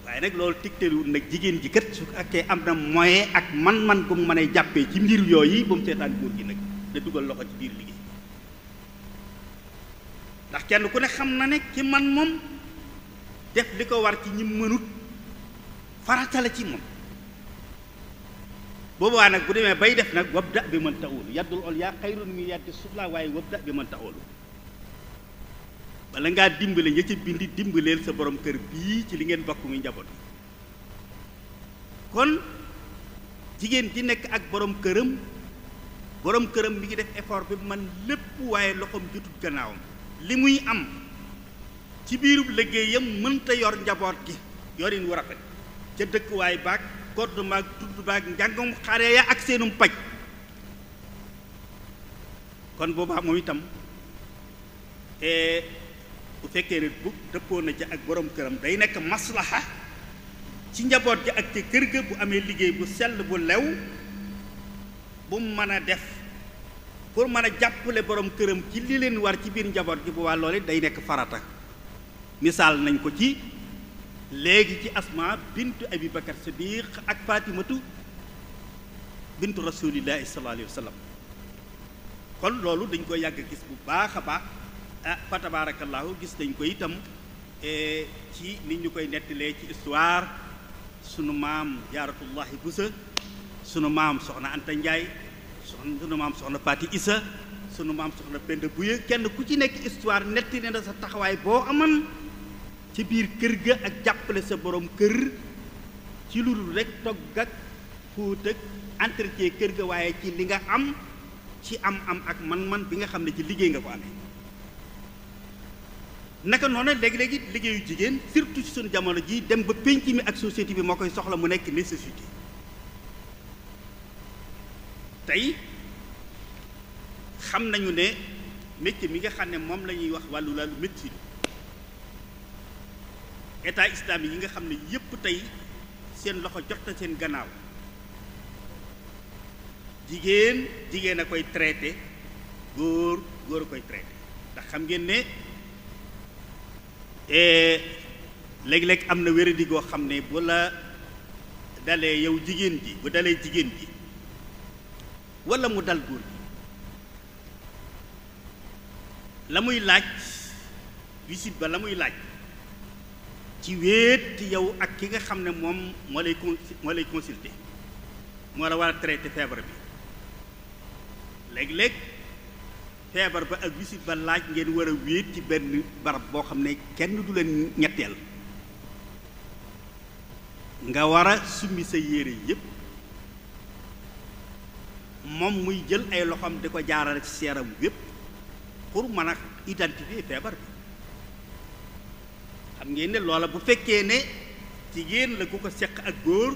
waaye nag loolu tigtaliwul nag jigéen ji kat su akkee am na moyen ak man-man ko mu mënee jàppee ci mbir yooyu ba mu seetaan góor gi nag da dugal loxo ci biir liggéey ndax kenn ku ne xam na ne ki man moom def li ko war ci ñi mënut farata la ci moom boobaa nag bu demee bay def nag wabda bi man ta'ulu yaddul ol yaa xayrun min yaddi laa waaye wabda bi man ta'ulu bala ngaa dimbale ña bind dimbaleel sa boroom kër bii ci li ngeen bokk muy njaboot kon jigéen ji nekk ak boroom këram boroom këram mi ngi def effort bi man lépp waaye loxoom jotut gannaawam li muy am ci biirub liggéeyam mënta yor njaboot gi yorin wu rafet ca dëkkuwaay baag kodd maag tudd baag njàngum xare ya ak seenum paj kon boobaa moom itam eh, bu fekkee ne bu dëppoo na ca ak boroom këram day nekk maslaha ci njaboot gi ak ca kër ga bu amee liggéey bu sell bu lew bu mën a def pour mën a jàppale boroom këram ci li leen war ci biir njaboot gi bu waa day nekk farata misaal nañ ko ci léegi ci asma bintu abi bakar siddiq ak fatimatu bintu rasulillahi sallallahu alayhi wa sallam kon loolu dañ ko yàgg gis bu baax a baax ah fa tabaarakallaahu gis nañ ko itam e, ci nit ñu koy nettalee ci histoire sunu maam jaaratullahi busa sunu maam soxna Anta Ndiaye soxna sunu maam soxna Faati Isa sunu maam soxna Penda Buye kenn ku ci nekk histoire netti ne na sa taxawaay boo aman ci biir kër ga ak jàppale sa boroom kër ci lu dul rek togg ak fóot ak entretien kër ga waaye ci li nga am ci am am ak man man bi nga xam ne ci liggéey nga ko amee naka noonu léegi-léegi liggéeyu jigéen surtout ci seen jamono ji dem ba pénc mi ak société bi moo koy soxla mu nekk nécessité tey xam nañu ne métier mi nga xam ne moom la ñuy wax wàllu laalu médecine état islamique yi nga xam ne yépp tey seen loxo jot na seen gannaaw jigéen jigéen a koy traité góor góor a koy traité ndax xam ngeen ne léeg-léeg am na wéradi goo xam ne bu la dalee yow jigéen ji bu dalee jigéen ji walla mu dal góor gi la muy laaj visite ba la muy laaj ci wéet yow ak ki nga xam ne moom moo lay con moo la war a traité feebar bi léeg-léeg feebar ba ak wisit ba laaj ngeen war a wéet ci benn barab boo xam ne kenn du leen ñetteel nga war a summi sa yére yépp moom muy jël ay loxoom da ko jaarale ci seeram yépp pour mën a identifier feebar bi xam ngeen ne loola bu fekkee ne ci jigéen la ku ko seq ak góor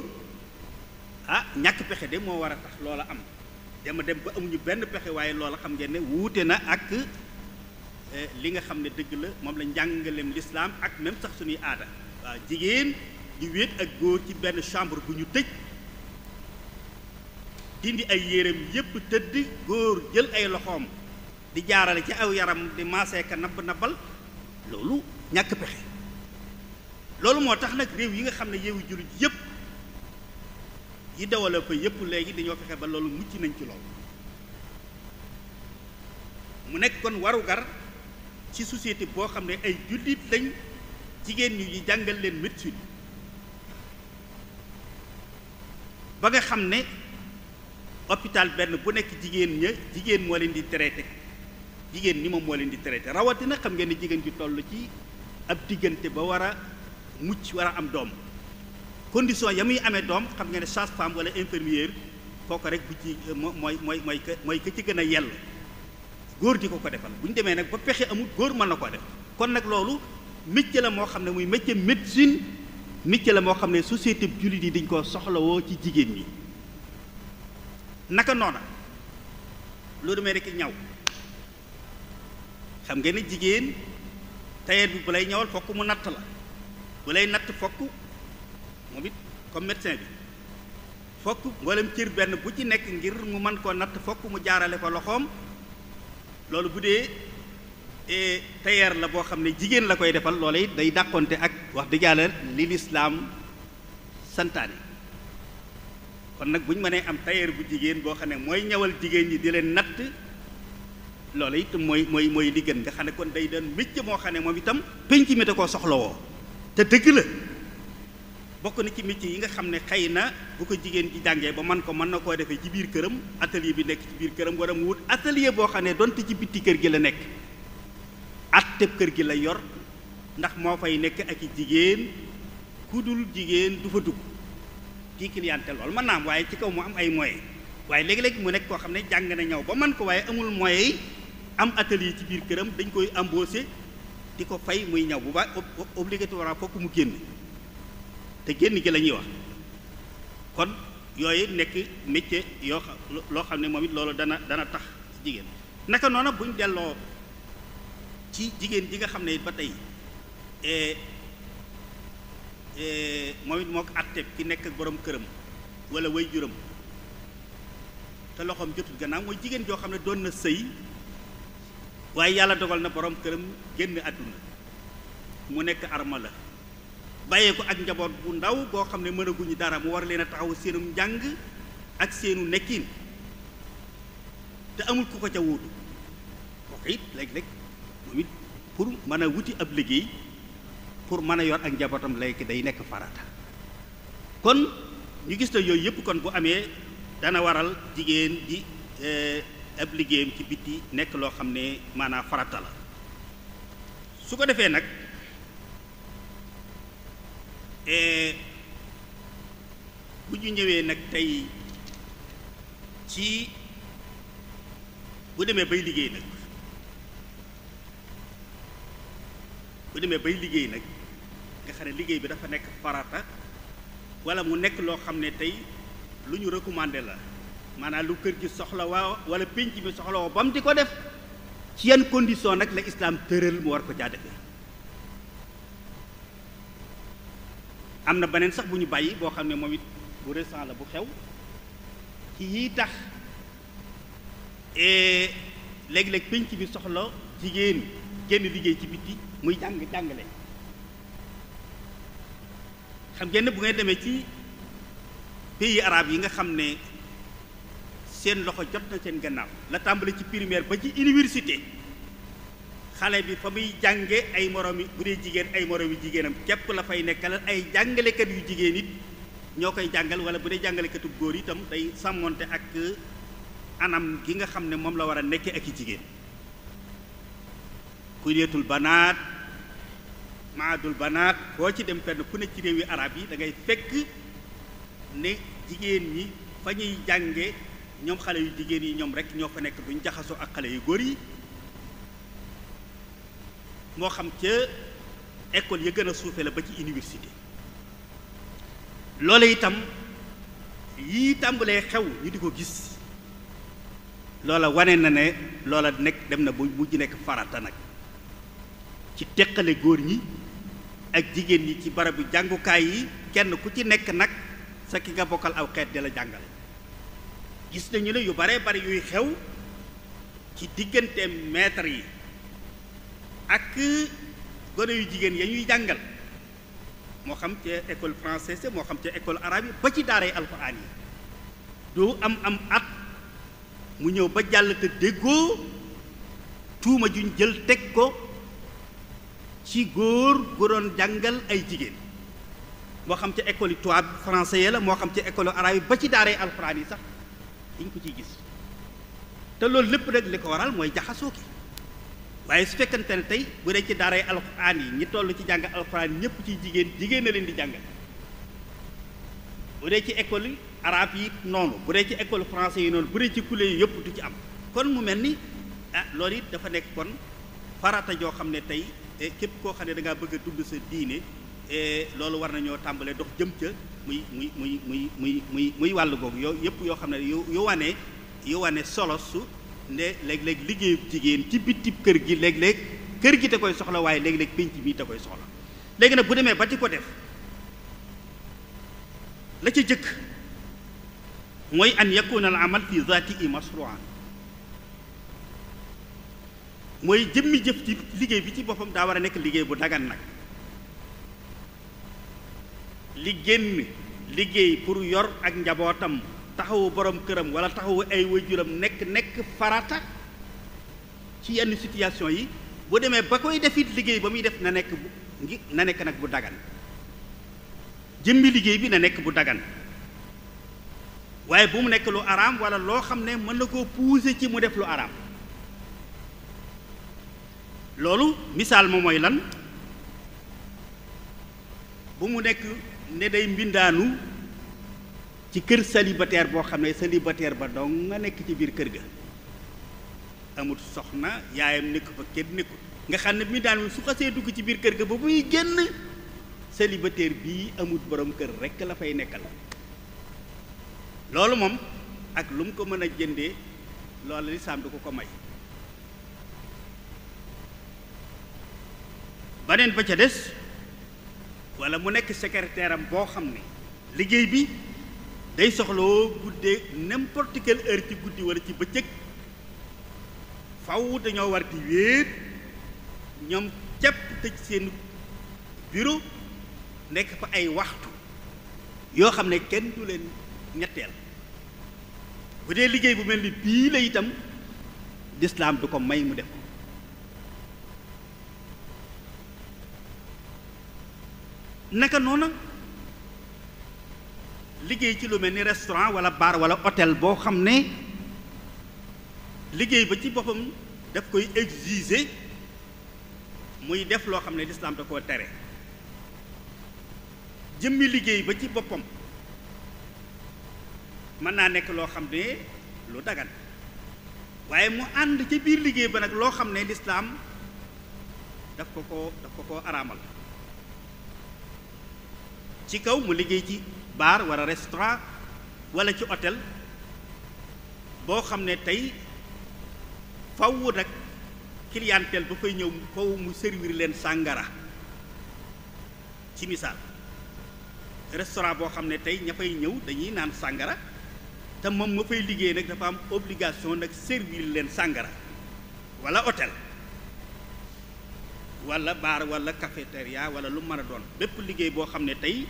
ah ñàkk pexe de moo war a tax loola am dama dem ba amuñu benn pexe waaye loola xam ngeen ne wuute na ak eh, li nga xam ne dëgg la moom la njàngaleem lislaam ak même sax suñuy aada waaw jigéen di wéet ak góor ci benn chambre bu ñu tëj dindi ay yéreem yépp tëdd góor jël ay loxoom di jaarale ci aw yaram di maaseeka nabb nabbal loolu ñàkk pexe loolu moo tax nag réew yi nga xam ne yeewu jullit yépp yi développé yëpp léegi dañoo fexe ba loolu mucc nañ ci lool mu nekk kon warugar ci société boo xam ne ay jullit lañ jigéen ñi ñu jàngal leen médecine ba nga xam ne hôpital benn bu nekk jigéen ña jigéen moo leen di traité jigéen ni moom moo leen di traité rawatina xam ngeen ne jigéen ji toll ci ab diggante ba war a mucc war a am doom condition ya muy amee doom xam nga ne sage-femme wala infirmière kooku rek bu ci euh, mooy mooy mooy mooy ka ci gën a yell góor di ko ko defal bu ñu demee nag ba pexe amul góor mën na koo def kon nag loolu métier la moo xam ne muy métier médecine métier la moo xam ne société bi jullit yi dañ koo soxlawoo ci jigéen ñi naka noona loo demee rek ñaw xam nga ne jigéen tailleur bi bu lay ñawal fokk mu natt la bu lay natt fokk moom it comme médecin bi fokk mboolem cër benn bu ci nekk ngir mu man koo natt fokk mu jaarale ko loxoom loolu bu dee e, tailleur la boo xam ne jigéen la koy defal loola it day dàqonte ak wax dëgg yàlla li lislaam santaane kon nag bu ñu mënee am tailleur bu jigéen boo xam ne mooy ñawal jigéen ñi di leen natt loola it mooy mooy mooy li nga xam ne kon day doon métier moo xam ne moom itam penc mi da koo soxlawoo te dëgg la bokk na ci métier yi nga xam ne xëy na bu ko jigéen ji jàngee ba man ko mën na koo defee ci biir këram atelier bi nekk ci biir këram wala mu wut atelier boo xam ne donte ci bitti kër gi la nekk atteb kër gi la yor ndax moo fay nekk ak i jigéen ku dul jigéen du fa dugg kii clientèle loolu mën naa am waaye ci kaw mu am ay moyens waaye léegi-léegi mu nekk koo xam ne jàng na ñëw ba man ko waaye amul moyens am atelier ci biir këram dañ koy embaucher di ko fay muy ñëw bu baax obligatoire fokk mu génn te génn gi la ñuy wax kon yooyu nekk métier yoo xam loo xam ne moom it loolu dana dana tax jigéen naka noona buñ delloo ci jigéen ji nga xam ne ba tey e, e, moom it moo ko àtteeb ki nekk ak borom këram wala way juram te loxoom jotul gannaaw mooy jigéen joo xam ne doon na sëy waaye yàlla dogal na boroom këram génn àdduna mu nekk arma la bàyyee ko ak njaboot bu ndaw boo xam ne mënaguñu dara mu war leen a taxaw seenum njàng ak seenu nekkin te amul ku ko ca wuutu kooku it léeg-léeg moom it pour mën a wuti ab liggéey pour mën a yor ak njabootam léegi day nekk farata kon ñu gis na yooyu yëpp kon bu amee dana waral jigéen ji eh, ab liggéeyam ci biti nekk loo xam ne maanaam farata la su ko defee nag bu ñu ñëwee nag tey ci bu demee bay liggéey nag bu demee bay liggéey nag nga xam ne liggéey bi dafa nekk farata wala mu nekk loo xam ne tey lu ñu recommandé la maanaam lu kër gi soxla waaw wala pénc bi soxla woo ba di ko def ci yan condition nag la islam tëral mu war ko caa defee am na beneen sax bu ñu bàyyi boo xam ne moom it bu récent la bu xew ci yii tax eh, léegi-léeg ci biir soxla jigéen génn liggéey ci bitti muy jàng jàngale xam ngeen bu ngay demee ci pays arab yi nga xam ne seen loxo jot na seen gannaaw la tàmbali ci primaire ba ci université xale bi fa muy jànge ay moromi bu dee jigéen ay moromi jigéenam képp la fay nekkal ay jàngalekat yu jigéen it ñoo koy jàngal wala bu dee jàngalekatu góor itam day sàmmoonte ak anam gi nga xam ne moom la war a nekkee ak i jigéen kuleetul banaat maadul banaat boo ci dem fenn ku ne ci réewi arab yi da ngay fekk ne ñi fa ñuy jànge ñoom xale yu jigéen yi ñoom rek ñoo fa nekk duñ jaxasoo ak xale yu góor yi moo xam ca école ya gën a suufe la ba ci université loolu itam yi tàmbalee xew ñu di ko gis loola wane na ne loola nekk dem na bu mujj nekk farata nag ci teqale góor ñi ak jigéen ñi ci barabu jàngukaay yi kenn ku ci nekk nag sa ki nga bokkal aw xeet di la jàngale gis nañu ne yu baree bari yuy xew ci diggante maître yi ak gone yu jigéen ya ñuy jàngal moo xam ca école française moo xam ca école arabe yi ba ci daaray alxuraan yi doo am am at mu ñëw ba jàll te déggoo tuuma juñ jël teg ko ci góor gu doon jàngal ay jigéen moo xam ca école yi tubaab français ya la moo xam ca école arabe yi ba ci daaray alxuraan yi sax dañ ko ciy gis te loolu lépp rek li ko waral mooy jaxasoo ki waaye su fekkante ne tey bu dee ci daaray alxuraan yi ñi toll ci jàng alxuraan ñëpp ci jigéen jigéen na leen di jàngal bu dee ci école yi arabe yi noonu bu dee ci école français yi noonu bu dee ci kule yi yëpp du ci am kon mu mel ni ah loolu it dafa nekk kon farata joo xam ne tey eh, képp koo xam ne da bëgg a dund sa diine eh, loolu war nañoo tàmbalee dox jëm ca muy muy muy muy muy muy muy wàll googu yoo yëpp yoo xam ne yu yu wane yu solo su ne léeg-léeg liggéeyu jigéen ci bitib kër gi léeg-léeg kër gi te koy soxla waaye léeg-léeg pénc bi da koy soxla léegi nag bu demee ba di ko def la ca jëkk mooy an yakuna al amal fi zaati masruan mooy jëmmi jëf ci liggéey bi ci boppam daa war a nekk liggéey bu dagan nag li génn liggéey pour yor ak njabootam taxawu boroom këram wala taxawu ay waajuram nekk nekk farata ci yenn situation yi bu demee ba koy defit liggéey ba muy def na nekk bu na nekk nag bu dagan jëmbi liggéey bi na nekk bu dagan waaye bu mu nekk lu araam wala loo xam ne mën na koo pousser ci mu def lu araam loolu misaal ma mooy lan bu mu nekk ne day mbindaanu ci kër célibataire boo xam ne célibataire ba dong nga nekk ci biir kër ga amut soxna yaayam nekk fa kenn nekkut nga xam ne mi daan su xasee dugg ci biir kër ga ba muy génn célibataire bii amut boroom kër rekk la fay nekkal loolu moom ak lu mu ko mën a jëndee loolu lislaam du ko ko may baneen ba ca des walla mu nekk secrétaire boo xam ne liggéey bi day soxloo guddee n'importe quelle heure ci guddi wala ci bëccëg faw dañoo war di wéet ñoom cepp tëj seen bureau nekk fa ay waxtu yoo xam ne kenn du leen ñetteel bu dee liggéey bu mel ni bii la itam lislaam du ko may mu def naka noona liggéey ci lu mel ni restaurant wala baar wala hôtel boo xam ne liggéey ba ci boppam daf koy exiger muy def loo xam ne lislaam da koo tere jëmmi liggéey ba ci boppam mën naa nekk loo xam ne lu dagan waaye mu ànd ci biir liggéey ba nag loo xam ne lislaam daf ko ko daf ko ko araamal ci kaw mu liggéey ci bar wala restaurant wala ci hôtel boo xam ne tey faww nag clientèle ba fay ñëw faww mu servir leen sàngara ci misaal restaurant boo xam ne tey ña fay ñëw dañuy naan sàngara te moom ma fay liggéey nag dafa am obligation nag servir leen sàngara wala hôtel walla bar wala cafétéria wala lu mën a doon bépp liggéey boo xam ne tey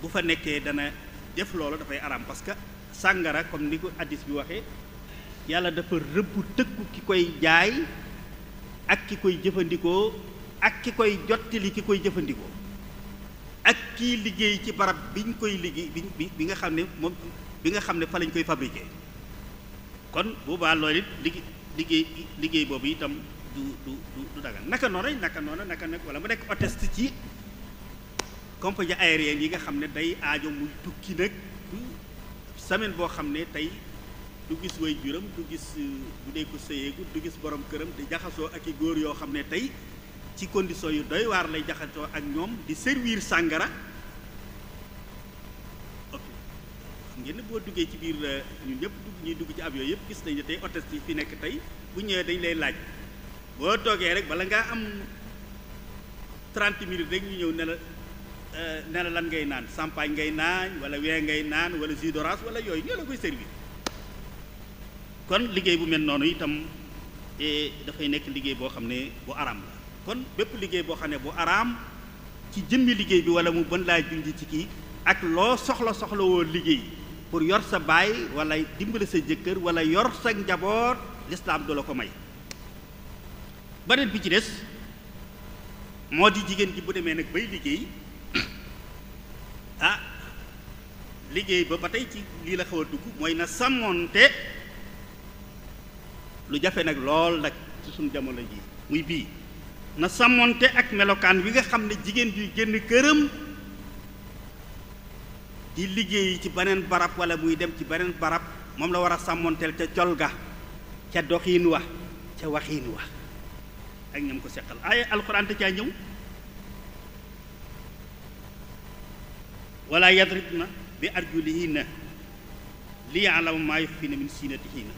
bu fa nekkee dana def loolu dafay araam parce que sàngara comme ni ko addis bi waxee yàlla dafa rëbb tëkku ki koy jaay ak ki koy jëfandikoo ak ki koy jottali ki koy jëfandikoo ak kii liggéey ci barab biñ koy liggéey bi bi nga xam ne moom bi nga xam ne fa lañ koy fabriqué kon boobaa lool it liggéey liggéey liggéey boobu itam du du du dagal naka noonu naka noonu naka nag wala mu nekk otest ci compagnie aérienne yi nga xam ne day aajo mu tukki nag du semaine boo xam ne tey du gis way juram du gis euh, bu dee ko sëyeegu du gis borom këram di jaxasoo ak i góor yoo xam ne tey ci condition yu doy waar lay jaxasoo ak ñoom di servir sàngara ok ngeen boo duggee ci biir euh, ñun ñëpp dugg ñuy dugg ci ab yooyu yëpp gis nañu tey hôtesse yi fi nekk tey bu ñëwee dañ lay laaj boo toogee rek bala ngaa am trent minutes rek ñu ñëw nela Euh, ne la lan ngay naan champagne ngay naan wala we ngay naan wala jus d'orange wala yooyu ñoo la koy servir kon liggéey bu mel noonu itam e, dafay nekk liggéey boo xam ne bu araam la kon bépp liggéey boo xam ne bu araam ci jëmmi liggéey bi wala mu bën laa junj ci kii ak loo soxla soxla woo liggéey pour yor sa baay wala dimbali sa jëkkër wala yor sa njaboot lislaam du la ko may beneen bi ci des moo di jigéen ji bu demee nag bay liggéey ah liggéey ba ba tey ci lii la xaw a dugg mooy na sàmmoonte lu jafe nag lool nag ci suñu jamono ji muy bii na sàmmoonte ak melokaan bi nga xam ne jigéen juy génn këram di liggéey ci beneen barab wala muy dem ci beneen barab moom la war a sàmmoonteel ca col ga ca doxiin wa ca waxiin wa ak ñam ko seqal ay alxuraan caa ñëw wala na bi arjulihinna li ya'lamu maa yuxfiina min ziinatihinna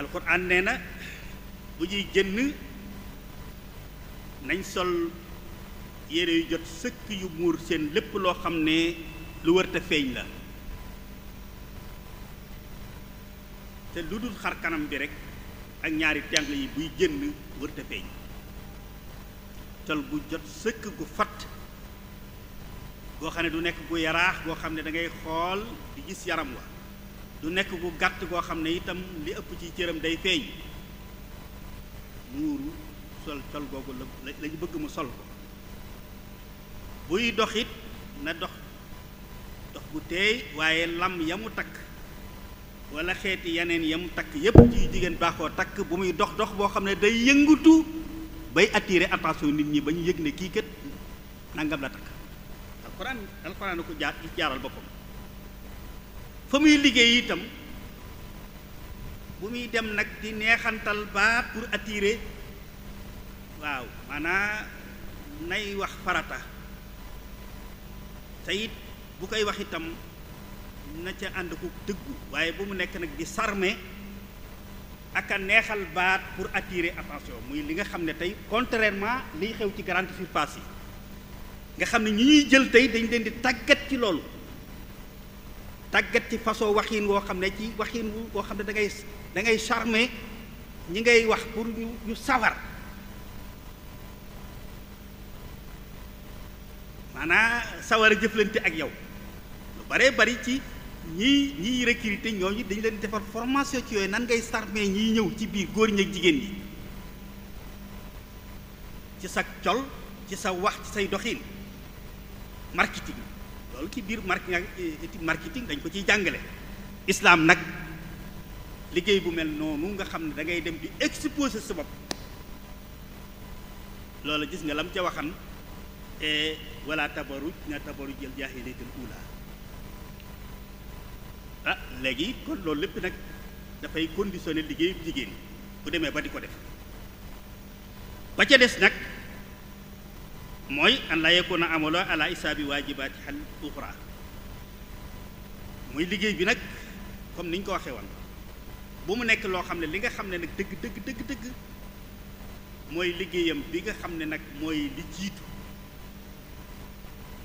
alquran nee na bu ñuy génn nañ sol yére yu jot sëkk yu muur seen lépp loo xam ne lu wërta feeñ la te lu dul xar kanam bi rekk ak ñaari tàng yi buy génn wërta feeñ tal gu jot sëkk gu fatt goo xam ne du nekk gu yaraax goo xam ne dangay xool di gis yaram wa du nekk gu gàtt goo xam ne itam li ëpp ci cëram day feeñ muuru sol col googu la lañu bëgg ma sol ko buy dox na dox dox bu teey waaye lam ya mu takk wala xeeti yeneen ya mu takk yépp ci jigéen baaxoo takk bu muy dox dox boo xam ne day yëngutu bay attirer attention nit ñi ba ñu yëg ne kii kat nangam la takk alxuraan alxuraan na ko jaar jaaral boppam fa muy liggéey itam bu muy dem nag di neexantal ba pour attirer waaw maanaa nay wax farata te bu koy wax itam na ca ànd ko dëggu waaye bu mu nekk nag di sarme ak a neexal baat pour attirer attention muy li nga xam ne tey contrairement liy xew ci grande surface yi nga xam ne ñu ñuy jël tey dañ leen di tàggat ci loolu tàggat ci façon waxin woo xam ne ci waxin wu woo xam ne da ngay da ngay charmer ñi ngay wax pour ñu ñu sawar maanaa sawar a jëflante ak yow lu baree bari ci ñii ñiy recruter ñooñu dañu leen defar formation ci yooyu nan ngay sarmee ñiy ñëw ci biir góor ñeek jigéen ñi ci sa col ci sa wax ci say doxin marketing loolu ci biir marketing dañ ko ciy jàngale islaam nag liggéey bu mel noonu nga xam ne dangay dem di exposer sa bopp loolu gis nga lam ca waxan e, wala tabaruj na tabaruj jël jaahilatul ula ah léegi kon loolu lépp nag dafay conditionné liggéeyu jigéen bu demee ba di ko def ba ca des nag mooy an laa yakuna amalo ala isaabi waajibaati xal uxra muy liggéey bi nag comme ni ñu ko waxee woon bu mu nekk loo xam ne li nga xam ne nag dëgg dëgg dëgg dëgg mooy liggéeyam bi nga xam ne nag mooy li jiitu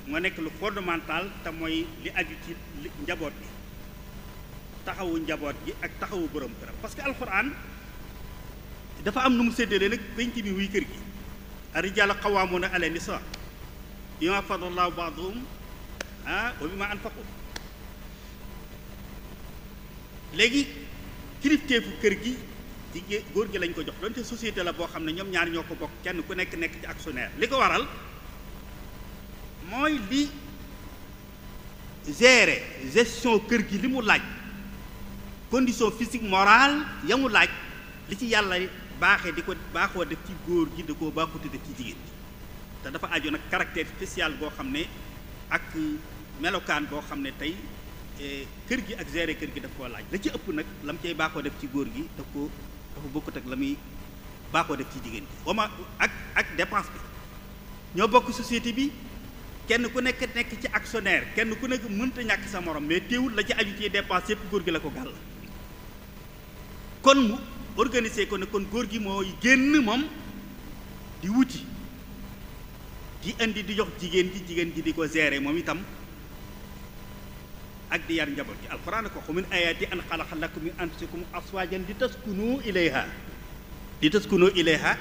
moo nekk lu fondamental te mooy li aju ci njaboot bi taxawu njaboot gi ak taxawu borom këram parce que alxuraan dafa am nu mu seddalee nag penc mi wuy kër gi arijaal xawaamuuna ala nisa bima fadallaahu baaduhum ah wa bima anfaqu léegi kilifteefu kër gi jigéen góor gi lañ ko jox donte société la boo xam ne ñoom ñaar ñoo ko bokk kenn ku nekk nekk ci actionnaire li ko waral mooy li gérer gestion kër gi li mu laaj condition physique morale ya mu laaj li ci yàlla baaxee di ko baaxoo def ci góor gi da koo baaxute def ci jigéen gi te dafa aju nag caractère spécial boo xam ne ak melokaan boo xam ne tey eh, kër gi ak gérer kër gi daf ko laaj la ci ëpp nag la mu cay baaxoo def ci góor gi daf ko dafa bokkut ak la muy baaxoo def ci jigéen gi wama ak ak dépense bi ñoo bokk société bi kenn ku nekk nekk ci actionnaire kenn ku nekk mënta ñàkk sa morom mais téewul la ci aju ci dépense yëpp góor gi la ko gàll kon mu organiser ko ne kon góor gi mooy génn moom di wuti di indi di jox jigéen ji jigéen ji di ko gérer moom itam ak di yar njaboot ji alxuraan ko min ayaati an xalaqa lakum min anfusikum aswaajan di taskunu ilayha li taskunu ilayha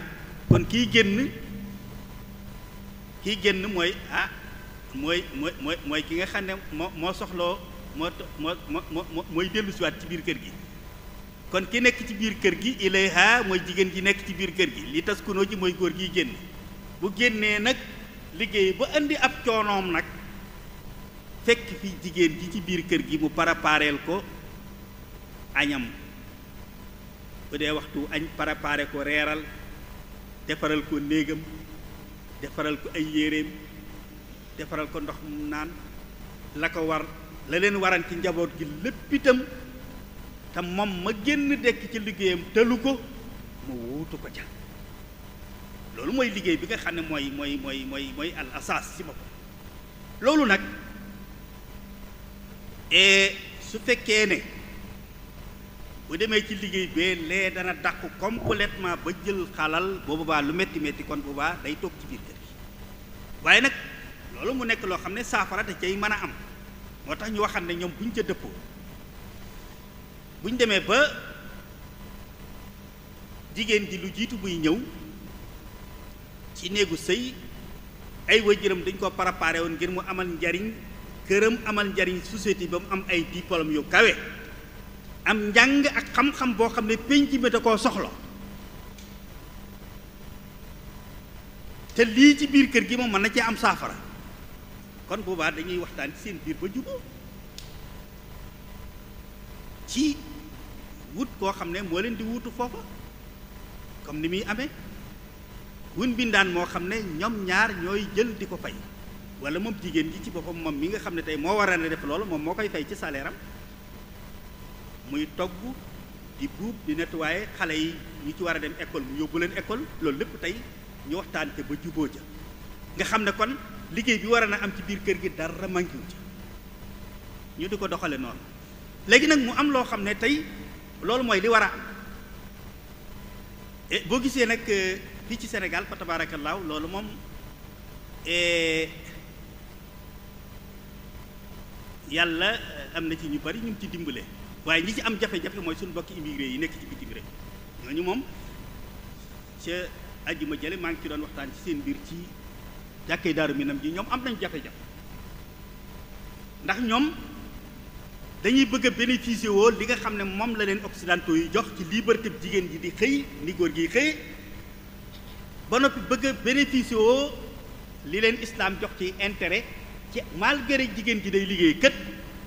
kon kii génn kii génn mooy ah mooy mooy mooy mooy ki nga xam ne moo moo soxloo moo moo moo mooy dellu siwaat ci biir kër gi kon ki nekk ci biir kër gi ilayha mooy jigéen ji nekk ci biir kër gi li tas taskunoo ji mooy góor gi génn bu génnee nag liggéey ba indi ab coonoom nag fekk fi jigéen ji ci biir kër gi mu parapareel ko añam bu dee waxtu añ parapare ko reeral defaral ko néegam defaral ko ay yéreem defaral ko ndox mu naan la ko war la leen waran ci njaboot gi lépp itam te moom ma génn dekk ci liggéeyam tëlu ko ma wuutu ko ca loolu mooy liggéey bi nga xam ne mooy mooy mooy mooy mooy al asaas ci boppam loolu nag e su fekkee ne bu demee ci liggéey bee lee dana dàqu complètement ba jël xalal boobu baa lu metti metti kon bu baa day toog ci biir kër gi waaye nag loolu mu nekk loo xam ne saafara da cay mën a am moo tax ñu waxam ne ñoom buñ ca dëppoo buñ demee ba jigéen ji lu jiitu buy ñëw ci néegu sëy ay waajuram dañ ko préparé woon ngir mu amal njariñ këram amal njariñ société ba mu am ay diplôme yu kawe am njàng ak xam-xam boo xam ne penc mi da koo soxla te lii ci biir kër gi moom mën na cee am saafara kon boobaa dañuy waxtaan ci seen biir ba jubóo ci wut koo xam ne moo leen di wutu foofu comme ni muy amee wun bindaan moo xam ne ñoom ñaar ñooy jël di ko fay wala moom jigéen ji ci boppam moom mi nga xam ne tey moo war a def loolu moom moo koy fay ci salaire muy togg di buub di nettoyer xale yi ñu ci war a dem école mu yóbbu leen école loolu lépp tey ñu waxtaan te ba juboo ja nga xam ne kon liggéey bi war na am ci biir kër gi dara manqué wu ñu di ko doxale noonu léegi nag mu am loo xam ne tey loolu mooy li war a am eh, boo gisee nag euh, fii ci Sénégal fa tabaarakallaahu loolu moom eh, yàlla euh, am na ci ñu bari ñu ngi ci dimbale waaye ñi ci am jafe-jafe mooy suñu mbokki immigré yi nekk ci bitim réew ñooñu moom ca àjjuma jële maa ngi ci doon waxtaan ci seen biir ci jàkkee daaru minam ji ñoom am nañ jafe-jafe ndax ñoom dañuy bëgg a bénéficier woo li nga xam ne moom la leen occidentaux yi jox ci liberté jigéen ji di xëy ni góor gi xëy ba noppi bëgg a woo li leen islam jox ci intérêt ci malgré jigéen ji day liggéey kët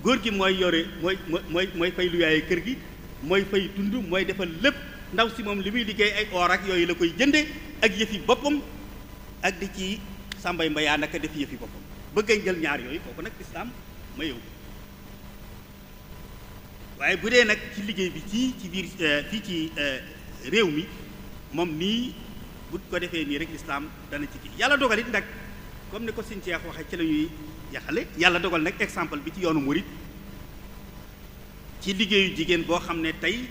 góor gi mooy yore mooy mooy mooy fay lu yaayee kër gi mooy fay dund mooy defal lépp ndaw si moom li muy liggéey ay or ak yooyu la koy jënde ak yëfi boppam ak di ci sàmbay mbayaa naka def yëfi boppam bëgg a jël ñaar yooyu kooku nag islam ma yow waaye bu dee nag ci liggéey bi ci ci biir euh, fii ci euh, réew mi moom nii bu ko defee nii rek lislaam dana ci yàlla dogal it nag comme ni ko sëñ Cheikh waxee ci la ñuy yaxale yàlla dogal nag exemple bi ci yoonu murit ci liggéeyu jigéen boo xam ne tey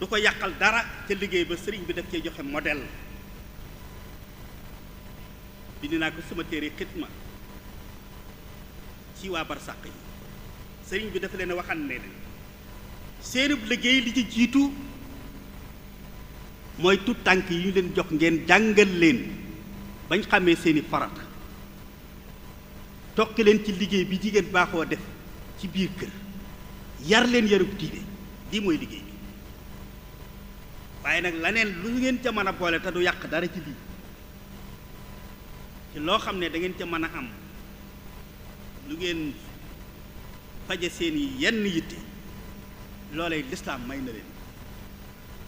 du ko yàqal dara ca liggéey ba sëriñ bi daf cee joxe modèle bind naa ko sama téere ma ci waa sàq yi sëriñ bi dafa leen waxan ne leen seenub liggéey li ci jiitu mooy tut tànk yi ñu leen jox ngeen jàngal leen bañ xamee seeni farata tokki leen ci liggéey bi jigéen baaxoo def ci biir kër yar leen yarub diine lii mooy liggéey bi waaye nag laneen lu ngeen ca mën a boole te du yàq dara ci biir ci loo xam ne dangeen ngeen ca mën a am lu ngeen faje seeni yenn yitte loolee lislaam may na leen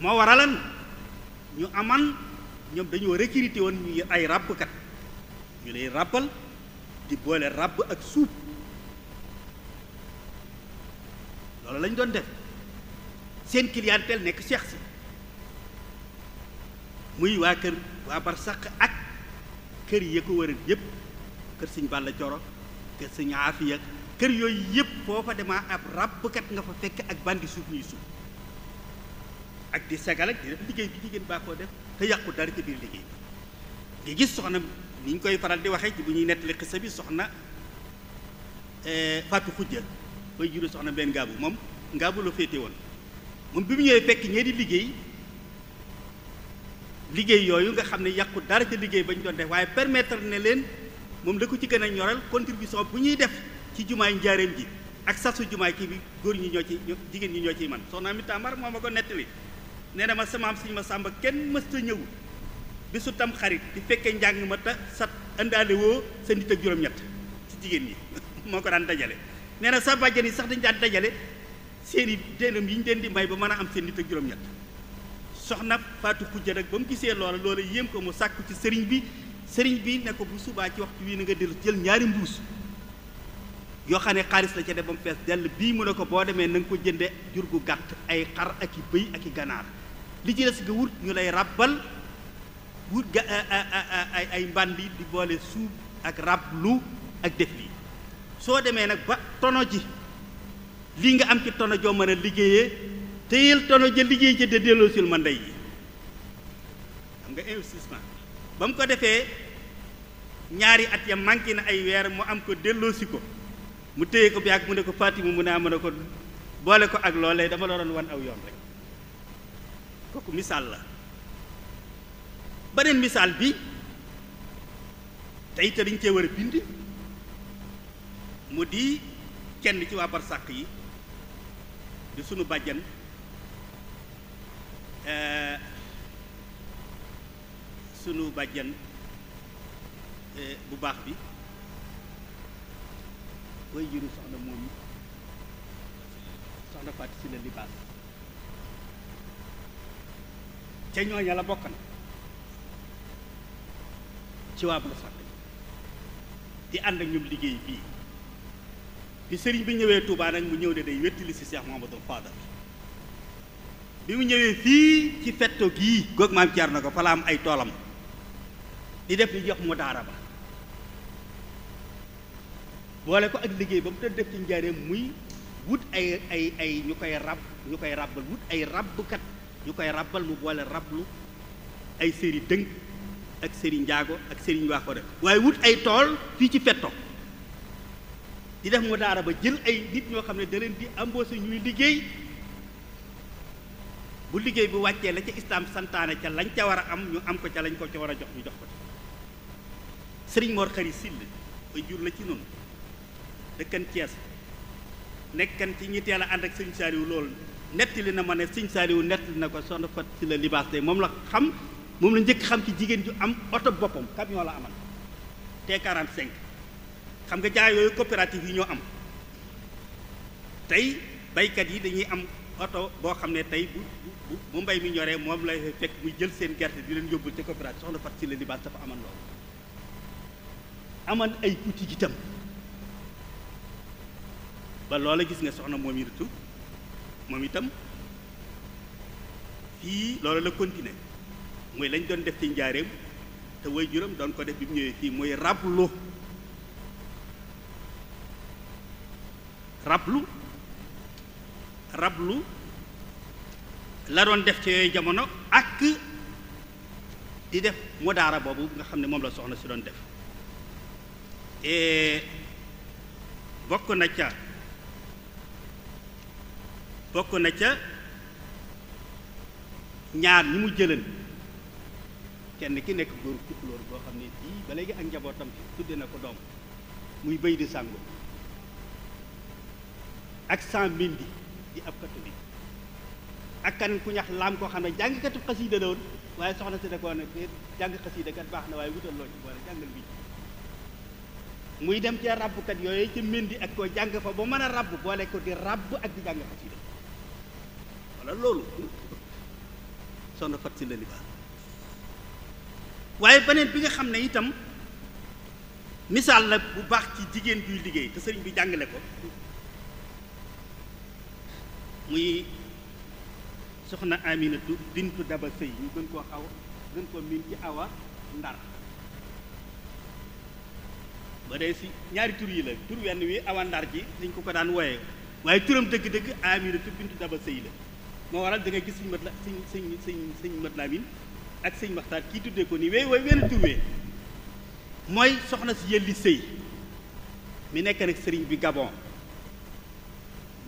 moo waralan ñu aman ñoom dañoo recruté woon ñu ay ràbbkat ñu lay ràbbal di boole ràbb ak suub loolu lañ doon def seen clientèle nekk seex si muy waa kër waa barsàq ak kër yi ko wëran yépp kër sëñ Balla Coro kër sëñ Aafiya kër yooyu yëpp foo fa demaa ab ràbbkat nga fa fekk ak bandi suuf ñuy suuf ak di sagal ak di def liggéey bi jigéen baa koo def te yàqu dara ci biir liggéey bi gis soxna ni ñu koy faral di waxee ci bu ñuy nettali xisa bi soxna eh, Fatou Khoudia bay jure soxna benn ngaabu moom ngaabu la féete woon moom bi mu ñëwee fekk ñee di liggéey liggéey yooyu nga xam ne yàqu dara ca liggéey ba ñu doon def waaye permettre ne leen moom la ko ci gën a ñoral contribution bu ñuy def ci jumaay njaareem ji ak sasu jumaay kii bi góor ñi ñoo ci jigéen ñi ñoo ciy man soxna mi tàmbar moo ma ko nettali nee na ma samaam siñ ma sàmba kenn mësta ñëw bisu tam xarit di fekkee njàng ma ta sat indaale woo sa nit ak juróom-ñett jigéen ñi moo ko daan dajale nee na sa bàjjen sax dañu daan dajale seeni dénam yi ñu leen di may ba mën a am seen nit ak juróom-ñett soxna Fatou Kujja nag ba mu gisee loola loola yéem ko mu sàkku ci sëriñ bi sëriñ bi ne ko bu subaa ci waxtu wii na nga dellu jël ñaari mbuus yoo xam ne xaalis la ca def ba mu fees dell bii mu ne ko boo demee na nga ko jënde jur gu gàtt ay xar ak i bëy ak i ganaar li ci des nga ñu lay ràbbal wut ga ay ay mbàndi di boole suub ak rab lu ak def lii soo demee nag ba tono ji lii nga am ci tono joo mën a liggéeyee téyel tono ja liggéey ca de delloo sil ma ndey yi xam nga investissement ba mu ko defee ñaari at ya manqué na ay weer mu am ko delloosi ko mu téye ko bi ak mu ne ko Fatima mu ne am ah, ne ko boole ko ak loolee dama la doon wan aw yoon rek kooku misaal la beneen misaal bi tey te dañ cee war a bind mu di kenn ci waa barsàq yi di sunu bàjjan eh, sunu bàjjan eh, bu baax bi way juru soxna moom soxna Fatou Sylla Libaas ca ñooña la bokk na ci waa Bala Sàkk di ànd ak ñoom liggéey bii bi sëriñ bi ñëwee Touba nag mu ñëw ne day wettali si Cheikh Mouhamadou Fadal bi mu ñëwee fii ci fetto gii goog maam Thierno ko fa la am ay toolam di def li jox mu daara ba boole ko ak liggéey ba mu doon def ci njaareem muy wut ay ay ay ñu koy rab ñu koy rabbal wut ay rabbkat ñu koy rabbal mu boole rablu ay séri dëng ak séri njaago ak sëriñ ñu rek waaye wut ay tool fii ci fetto di def mu daara ba jël ay nit ñoo xam ne da leen di embauché ñuy liggéey bu liggéey bi wàccee la ca islaam santaane ca lañ ca war a am ñu am ko ca lañ ko ca war a jox ñu jox ko ci sëriñ Mor Xari Sill ay jur la ci noonu dëkkan Thiès nekkan ci ñi teel ànd ak sëñ Saliou loolu nettali na ma ne sëñ Saliou nettali na ko soxna Fat si la libaas de moom la xam moom la njëkk xam ci jigéen ju am oto boppam camion la amal T45 xam nga jaay yooyu coopérative yi ñoo am tey baykat yi dañuy am oto boo xam ne tey bu bu mi ñoree moom lay fekk muy jël seen gerte di leen yóbbul ca coopérative soxna Fat si la libaas dafa amal loolu amal ay outil itam ba loola gis nga soxna moom itam moom itam fii loolu la continuer mooy lañ doon def ci njaareem te way juróom doon ko def bi mu ñëwee fii mooy rablu rablu rablu la doon def ci yooyu jamono ak di def mu daara boobu nga xam ne moom la soxna si doon def bokk na ca bokk na ca ñaar ñi mu jëlan kenn ki nekk góor tukulóor boo xam ne bii ba léegi ak njabootam fi tudde na ko doom muy béy di sàngo ak san mindi di ab bi ak kan ku ñax laam koo xam ne jàngkatu xasida la woon waaye soxna si da koo ne jàng xasida baax na waaye wutal loo ci boole jàngal bi muy dem ca ràbbkat yooyu ca mindi ak koo jàng fa ba mën a ràbb boole ko di ràbb ak di jàng xasida xoolal loolu soxna fat si la libaar waaye beneen bi nga xam ne itam misaal la bu baax ci jigéen juy liggéey te sëriñ bi jàngale ko muy soxna aminatu bintu daba sëy ñu gën koo aw gën koo miin ci awa ndar ba dee si ñaari tur yi la tur wenn wi awa ndar ji liñ ko ko daan wooyee waaye turam dëgg-dëgg aminatu bintu daba sëy la moo waral da ngay gis sëñ mat la sëñ sëñ sëñ sëñ mat laamin ak sëñ maxtaar kii tuddee ko nii wéy wooy wenn turwee mooy soxna si yëlli sëy mu nekk nag sëriñ bi Gabon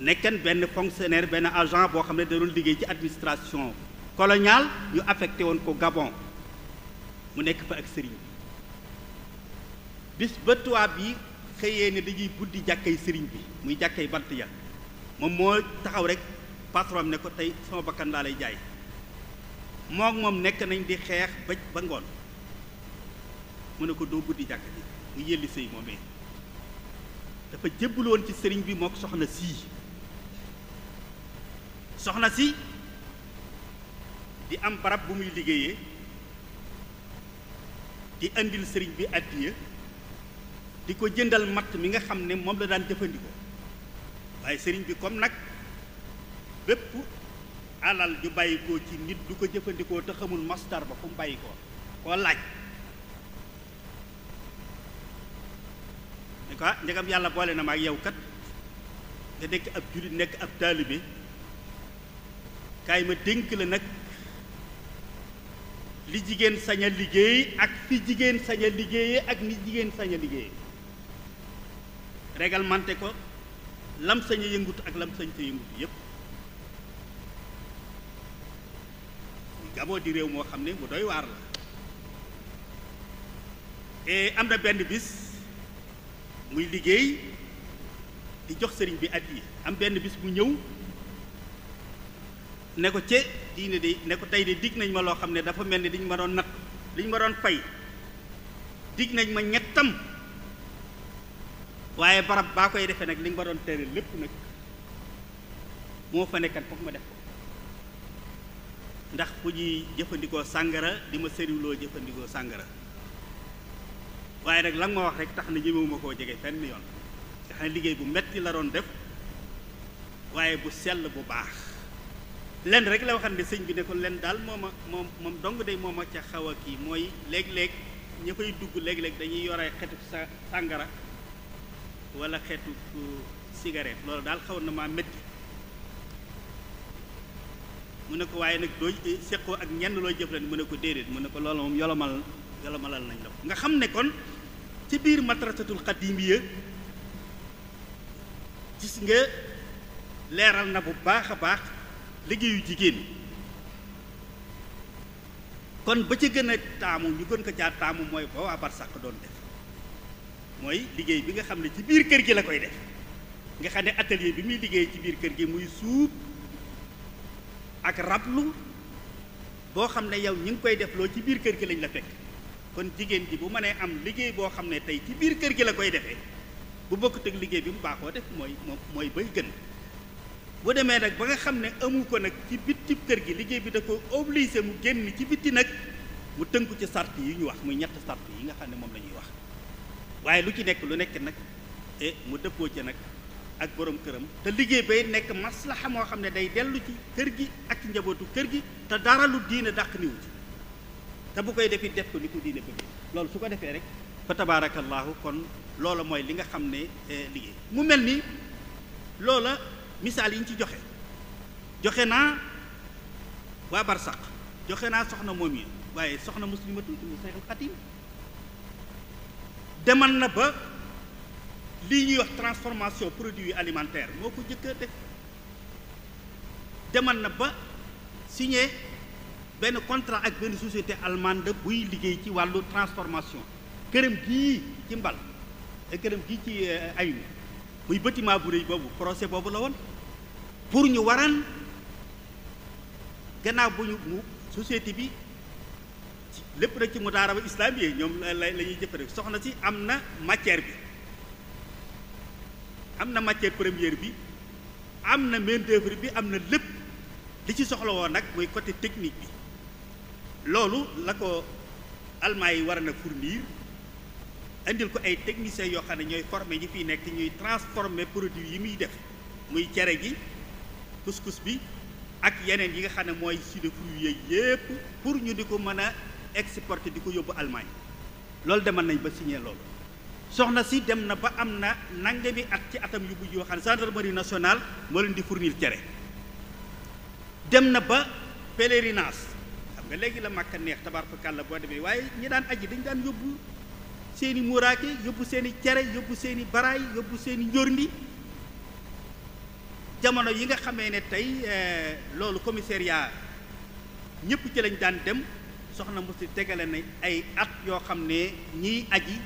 nekkan benn fonctionnaire benn agent boo xam ne da liggéey ci administration coloniale ñu affecté woon ko Gabon mu nekk fa ak sëriñ bi bis ba tubaab yi xëyee ne dañuy buddi jàkkay sëriñ bi muy jàkkay bant ya moom moo taxaw rek patron ne ko tey sama bakkan laa lay jaay mook moom nekk nañ di xeex ba ba ngoon mu ne ko doo buddi jàkk ji mu yëlli sëy moomee dafa jébbaloon ci sëriñ bi mook soxna sii soxna si di am barab bu muy liggéeyee di indil sëriñ bi àddiya di ko jëndal matt mi nga xam ne moom la daan jëfandikoo waaye sëriñ bi comme nag bépp alal ju bàyyi ci nit du ko jëfandikoo te xamul mastar ba fu mu bàyyi koo laaj ne ko ah, yàlla boole na ma ak yow kat nga nekk ab jullit nekk ab taalibe kaay ma dénk la nag li jigéen sañ liggéey ak fi jigéen sañ liggéeyee ak ni jigéen sañ a liggéeye réglementé ko lam sañ a ak lam sañ sa yëngutu yépp Gabon di réew moo xam ne mu doy waar la et am na benn bis muy liggéey di jox sëriñ bi at yi am benn bis mu ñëw ne ko ci diine de ne ko tey de dig nañ ma loo xam ne dafa mel ni liñ ma doon nat liñ ma doon fay digg nañ ma ñettam waaye barab baa koy defee nag liñ ma doon tere lépp nag moo fa nekkat foog ma def ndax ku ñuy jëfandikoo sàngara di ma sëriwloo jëfandikoo sàngara waaye nag la ma wax rek tax na ñemewuma koo jege fenn yoon nga xam liggéey bu metti la doon def waaye bu sell bu baax lenn rek la waxan ne sëñ bi ne ko lenn daal moom a moom moom dong day moom a ca xaw a kii mooy léeg-léeg ña fay dugg léeg-léeg dañuy yore xetu sa sàngara wala xetu uh, cigarette loolu daal xawoon na maa métti mu ne ko waaye nag doo eh, seqoo ak ñenn looy jëflante mu ne ko déedéet mu ne ko loolu moom yolomal yolomalal nañ la ko nga xam ne kon ci biir madrasatul xadimiya gis nga leeral na bu baax a baax liggéeyu jigéen kon ba ca gën a taamu ñu gën ko jaar taamu mooy ba waa bar sàq doon def mooy liggéey bi nga xam ne ci biir kër gi la koy def nga xam ne atelier bi muy liggéey ci biir kër gi muy suub ak rablu boo xam ne yow ñu ngi koy defloo ci biir kër gi lañ la fekk kon jigéen ji bu mënee am liggéey boo xam ne tey ci biir kër gi la koy defee bu bokk teg liggéey bi mu baaxoo def mooy moom mooy bay gën bu demee nag ba nga xam ne amu ko nag ci bitti kër gi liggéey bi da ko obligé mu génn ci bitti nag mu tënku ci sart yi ñu wax muy ñett sart yi nga xam ne moom la ñuy wax waaye lu ci nekk lu nekk nag e mu dëppoo ci nag ak borom këram te liggéey bay nekk maslaxa moo xam ne day dellu ci kër gi ak ci njabootu kër gi te dara lu diine dàq niwu ci te bu koy defi def ko ni ko diine bëggee loolu su ko defee rek fa tabaarakallaahu kon loola mooy li nga xam ne eh, liggéey mu mel ni loola misaal yi ñu ci joxe joxe naa waa barsaq joxe naa soxna moom waaye soxna muslimatu umu seexul xatim demal na ba lii ñuy wax transformation produits alimentaire moo ko njëkk a def demal na ba signé benn contrat ak benn société allemande buy liggéey ci wàllu transformation këram gii ci mbal eh, këram gii ci eh, ayum muy bâtiment bu rëy boobu procès boobu la woon pour ñu waran gannaaw bu ñu mu société bi lépp na ci mu mudaaraba islaam yi ñoom la la ñuy jëfandikoo soxna si am na matière bi am na matière première bi am na main d'œuvre bi am na lépp li ci soxla woon nag mooy côté technique bi loolu la ko almaa yi wara na fournir indil ko ay techniciens yoo xam ne ñooy former ñi fiy nekk ñuy transformer produit yi muy def muy cere gi couscous bi ak yeneen yi nga xam ne mooy jus de fruits yeeg yépp pour ñu di ko mën a exporter di ko yóbbu Allemagne loolu demal nañ ba signé loolu soxna si dem na ba am na nangami at ci atam yu mujj yoo xam ne gendarmerie nationale moo leen di fournir cere dem na ba pèlerinage xam nga léegi la màkka neex tabarkalla boo demee waaye ñi daan aji dañ daan yóbbu seeni i muuraake yóbbu seen i cere yóbbu seen baraay yóbbu seen njorndi jamono yi nga xamee ne tey eh, loolu commissariat ñëpp ci lañ daan dem soxna mu si tegale na ay at yoo xam ne ñiy aji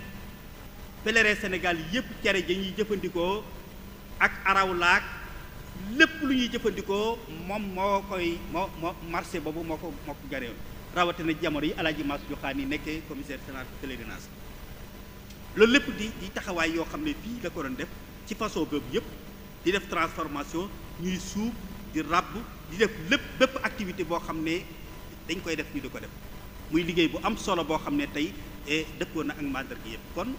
pèlerin Sénégal yépp cere ja ñuy jëfandikoo ak arawlaak lépp lu ñuy jëfandikoo moom moo koy moo moo marché boobu moo ko moo ko rawatina jamono yi alaaji Mas Joxaan yi nekkee commissaire général pèlerinage loolu lépp di di taxawaay yoo xam ne fii la ko doon def ci façon boobu yépp di def transformation ñuy suub di ràbb di def lépp bépp activité boo xam ne dañ koy def ñu di ko def muy liggéey bu am solo boo xam ne tey eh, dëppoon na ak màndarga yépp kon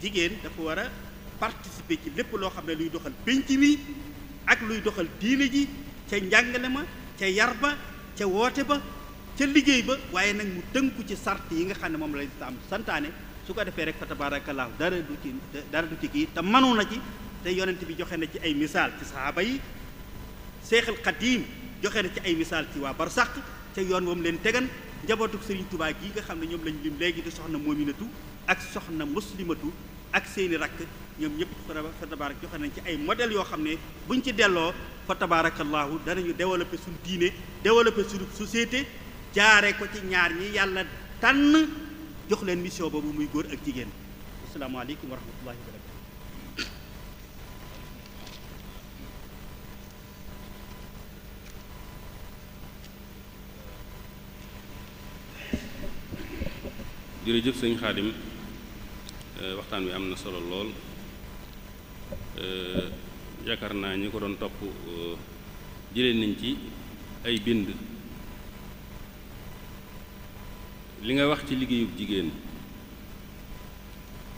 jigéen dafa war a participer ci lépp loo xam ne luy doxal pénc bi ak luy doxal diine ji ca njàngale ma ca yar ba ca woote ba ca liggéey ba waaye nag mu tënku ci sart yi nga xam ne moom la islaam santaane su ko defee rek fa tabaarakallaahu dara du ci dara du ci kii te manu na ci te yonent bi joxe na ci ay misaal ci sahaaba yi seexal xadiim joxe na ci ay misaal ci waa barsàq ca yoon woom leen tegan njabootuk Serigne Touba gii nga xam ne ñoom lañ lim léegi di soxna Mominatu ak soxna Muslimatu ak seeni rakk ñoom ñëpp fa tabaarak joxe nañ ci ay modèles yoo xam ne buñ ci delloo fa tabaarakallaahu danañu développé suñu diine développé suñu société jaare ko ci ñaar ñi yàlla tànn jox leen mission boobu muy góor ak jigéen asalaamaaleykum wa jërëjëf sëñ Xaadim euh, waxtaan wi am na solo lool euh, yaakaar naa ñi ko doon topp euh, jëlee nañ ci ay bind li nga wax ci liggéeyub jigéen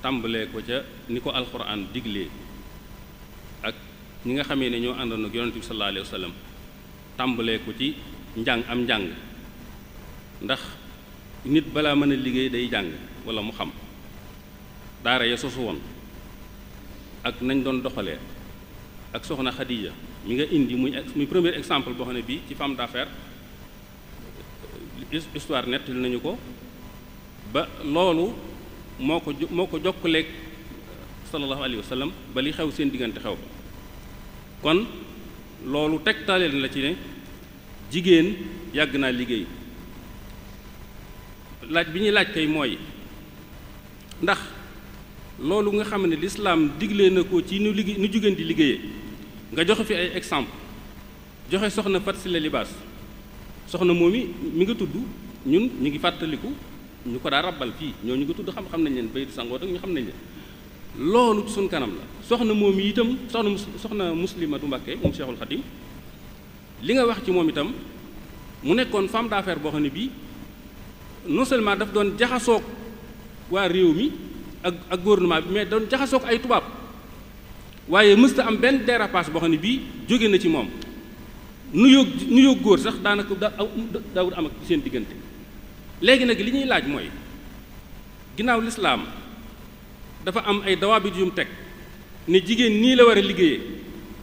tàmbalee ko ca ni ko alxuraan diglee ak ñi nga xamee ne ñoo àndoon ak yonent bi sallallahu alayhi sallam tàmbalee ko ci njàng am njàng ndax nit balaa mën a liggéey day jàng wala mu xam daara ya sosu woon ak nañ doon doxalee ak soxna Khadija mi nga indi muy muy premier exemple boo xam ne bii ci femme d'affaires histoire nettali nañu ko ba loolu moo ko moo ko jokkaleeg sallallahu alayhi wa sallam ba li xew seen diggante xew ba kon loolu tegtaleel na la ci ne jigéen yàgg naa liggéey laaj bi ñuy laaj kay mooy ndax loolu nga xam ne lislaam digle na ko ci nu liggéey nu jigéen di liggéeyee nga joxe fi ay exemple joxe soxna Fatou Sylla Libaas soxna moom yi mi nga tudd ñun ñu ngi fàttaliku ñu ko daa rabbal fii ñoo ñu nga tudd xam-xam nañ leen bay di sangoo ak ñu xam nañ leen loolu suñ kanam la soxna moom yi itam soxna soxna muslimatu Mbàkke moom Cheikhul Xadim li nga wax ci moom itam mu nekkoon femme d'affaires boo xam ne bii non seulement daf doon jaxasoog waa réew mi ak ak gouvernement bi mais doon jaxasook ay tubaab waaye mësta am benn dérapage boo xam ne bii jóge na ci moom nuyoo nuyoo góor sax daanaka daawul am ak seen diggante léegi nag li ñuy laaj mooy ginnaaw lislaam dafa am ay dawaabit yu mu teg ne jigéen nii la war a liggéeyee